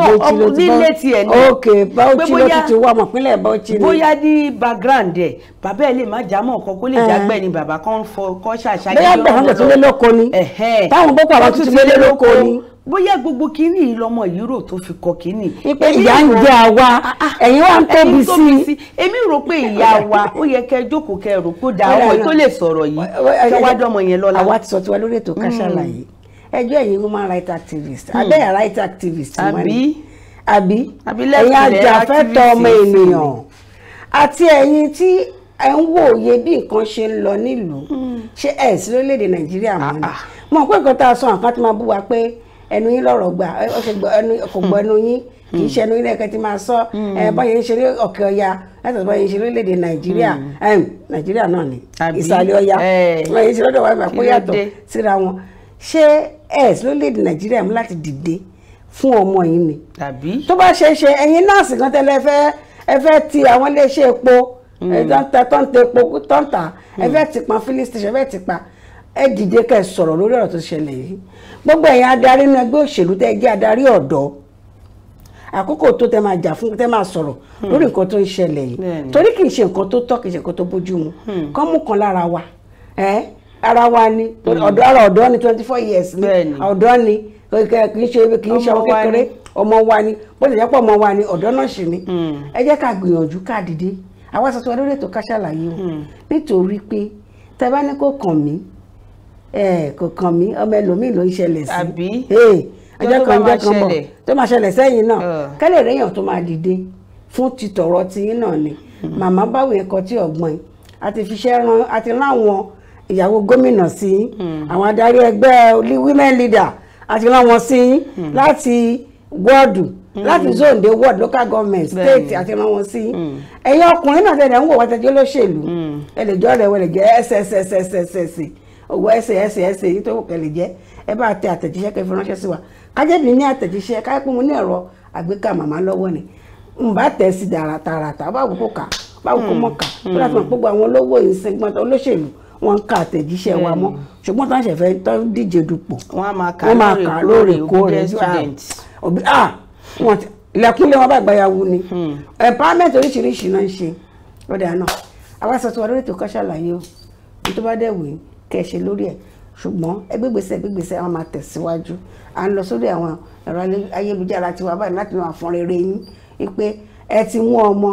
S2: létí ló ti bá ok Bauchi ló ti ti wá ọmọ pínlẹ̀ Bauchi ni. bóyá ní background ẹ̀ bàbá ẹ̀ lè má jámọ̀ kan kó lè jágbẹ́ ni bàbá kan fọ kọ́ ṣàṣàyẹ́ lọ́wọ́ lọ́wọ́ bóyá gbàgbọ́n tó lé lóko ni táwọn boko àwọn tó lé lóko ni bóyá gbogbo kínní yìí lọmọ yìí rò tó fi kọ kínní. ipe ìyá ń jẹ àwa ah, ah, ah, ẹ̀yin wa ń tóbi sí i. èmi rò pé ìyá wa ó yẹ kẹ́ jókòó kẹ́ rò kó da ọmọ tó lè sọ̀rọ̀ yìí kẹ́ wá dọ́mọ yẹn lọ́la. àwa ti sọ tiwa lórí ètò Ká hmm. ẹjọ́ ẹ̀yin human rights activist hmm. abẹ́yà right activist mọ́ni àbí ẹ̀yin ajàfẹ́tọ̀ ọmọ ènìyàn àti ẹ̀yin tí ẹ ń wò òye bí nǹkan ṣe ń lọ nílùú hmm. ṣé ẹ̀ sí lórílẹ̀‐èdè Nàìjíríà mọ́ni mọ̀ pé ẹnu yín lọ̀rọ̀ gbà kò gbọ́ ẹnu yín kì í ṣe ẹnu yín lẹ́ẹ̀kan tí máa sọ hmm. báyìí ń ṣe ní òkè ọya láti ọ̀sán báyìí ń ṣe lórílẹ̀‐èdè nàìjíríà hmm. nàìjíríà náà ni ìsàlẹ̀ ọya báyìí ń ṣe lọ́dọ̀ wáyé kó yàtọ̀ síra wọn ṣé ẹ̀ẹ́sì lórílẹ̀‐èdè nàìjíríà mú láti dìde fún ọmọ yín ni tó bá ṣe ṣe ẹ̀yin nọ́ọ̀sì kan tẹ́lẹ̀ ẹ fẹ́ ti àwọn iléeṣẹ́ epo hmm. tọ́ǹtẹ̀ epo tọ́ǹtà ẹ fẹ́ ti pa filistisi ẹ fẹ́ ti pa ẹ dìde kẹ́ sọ̀rọ̀ lórí ọ̀rọ̀ gbogbo ẹ̀yin adarí inú ẹgbẹ́ òṣèlú tẹ́ jẹ́ adarí ọ̀dọ́ àkókò tó tẹ́ máa jà fún tẹ́ máa sọ̀rọ̀ hmm. lórí nǹkan tó ń ṣẹlẹ̀ yìí torí kì í ṣe nǹkan tó tọ́ kì í ṣe nǹkan tó bójú mu hmm. kán mú kan lára wa ara wa ni hmm. ọ̀dọ́ ara ọ̀dọ́ ni twenty four years ni ọ̀dọ́ ni kì í ṣe kì í ṣe ọmọ kékeré ọmọ wa ni bó ti jẹ́ pọ̀ ọmọ wa ni ọ̀dọ́ náà sì ni ẹ jẹ́ ká gbìyànjú ká dìde àwa sọ̀tún wa lórí ètò ká ṣàlàyé o nítorí pé tẹ́ bá ní kó kàn mí kò kàn mí ọmọ ẹlòmíì ló ń ṣẹlẹ̀ sí ọjọ́ kan ọjọ́ kan bọ̀ tó máa ṣẹlẹ̀ sẹ́yìn náà kẹ́lẹ̀ rẹ́yàn tó máa dìde fún títọ̀rọ̀ tiyín náà ni hmm. màmá báwo yẹn kọ tí ọ̀gbọ́n yìí àti fiṣẹ́ ran àti láwọn ìyàwó gómìnà sí hmm. àwọn adarí ẹgbẹ́ women leader àti láwọn sí hmm. láti wọ́ọ̀dù láti zone de ward local government state àti ràn wọn sí ẹ̀yin ọkùnrin náà tẹ̀lé ń wò wá tẹ̀lé olóṣèlú ẹ lè jọ rẹ̀ wọ́n lè jẹ́ ẹ̀sẹ̀ẹ̀sẹ̀ẹ̀sẹ̀ẹ̀sẹ̀ owó ẹsẹ̀ ẹsẹ̀ ẹsẹ̀ èyí tó wù kẹ́ lè jẹ́ ẹ bá tẹ àtẹ̀jíṣẹ́ kẹ́ fi ránṣẹ́ sí wa kájẹ́bí ní àtẹ̀jíṣẹ́ káyọ̀pọ̀ mo ní ẹ̀rọ àgbéká màmá lọ́wọ́ ni n bá tẹ̀ sí tààràtà báwo kò kà báwo kò mọ̀ kà tó láti mọ̀ gbogbo àwọn olówó ìsìnkú olóṣèlú wọn ń ka àtẹ̀jíṣẹ́ wa mọ́ mm. ṣùgbọ́n tó ń ṣẹ̀fẹ́ tó ń díje dupò wọ́n máa kà lóòrèkóòrè lẹ́kúnlé wọn bá gbàyàwó ni hmm. empowerment oríṣiríṣi náà ń ṣe lọ́dà náà àwọn aṣọ tí wọn lórí ètò Ká o ní bá dẹ̀ wò ó kẹ́ ẹ ṣe lórí ẹ̀ ṣùgbọ́n ẹgbẹ́gbèsè ẹgbẹ́gbèsè àwọn máa tẹ̀síwájú à ń lọ sórí àwọn ẹ̀rọ ayélujára tiwa báyìí láti máa fọn rere yín wípé ẹ ti mú ọmọ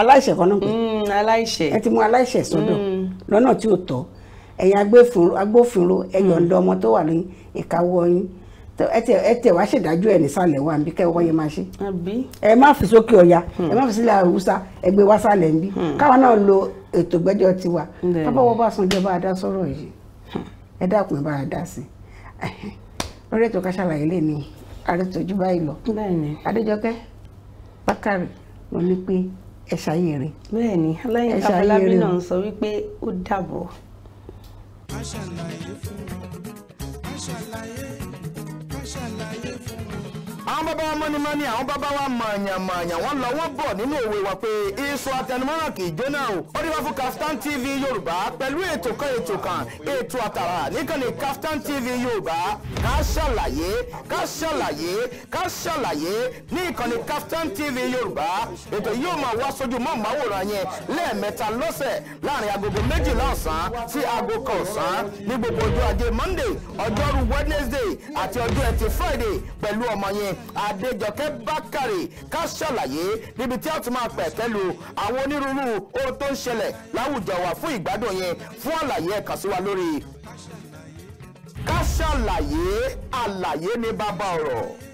S2: aláìṣẹ̀ kan náà pé mm, ẹ ti mú aláìṣẹ̀ sọ́dọ̀ mm. lọ́nà tí ò tọ́ ẹ̀yin agbófinró ẹ mm. yọ̀ǹda ọmọ tó wà ní ìkáwọ́ yín ẹ tẹ wá ṣèdájọ́ ẹ nísàlẹ̀ wa nbí kẹwọ yẹn máa ṣe ẹ má fi sókè ọya ẹ hmm. má fi sílẹ̀ àwùsá ẹgbẹ́ wá sálẹ̀ nbí hmm. káwa náà lo ètò gbẹ́jọ́ ti wà bàbá wọ́n bá sùn jọba adá sọ̀rọ̀ yìí ẹ dákun ẹ bá a dá sí lórí ètò Ká Sálàyé lè ní àrètòjú báyìí lọ Adéjọkẹ́ Bákàrè ló ní pé ẹ ṣayé rẹ. bẹ́ẹ̀ni aláyẹ abalabi náà ń sọ wípé ó dàbọ̀.
S1: Ká Sálàyé fún wọn Ká Sálàyé Ká àwọn bàbá wa mọ́nimọ́ni àwọn bàbá wa mọ̀nyàmọ̀nyà wọ́n lọ wọ́n bọ̀ nínú òwe wa pé iṣu àtẹnumọ́ràn kì í jóná o. ó dé wá fún Kaftan TV Yorùbá pẹ̀lú ètò kan ètò kan ètò àtàrà níkànnì Kaftan TV Yorùbá ká ṣàlàyé ká ṣàlàyé ká ṣàlàyé ní Kaftan TV Yorùbá ètò yóò máa wá sójú mọ́ màwòrán yẹn lẹ́ẹ̀mẹ́ta lọ́sẹ̀ láàrin agogo méjìlá ọ̀sán sí aago kan ọ̀sán ní gbogbo ọjọ́ ajé Monday ọjọ́rú Wednesday àti ọjọ́ ẹtì Friday pẹ̀lú ọmọ yẹn adéjọkẹ́ bákàrè ká ṣàlàyé níbi tí a ti máa pẹ̀tẹ́ lu àwọn onírúurú ohun tó ń ṣẹlẹ̀ láwùjọ wa fún ìgbádùn yẹn fún àlàyé ẹ sí wa lórí ká ṣàlàyé àlàyé ní bàbá ọ̀rọ̀.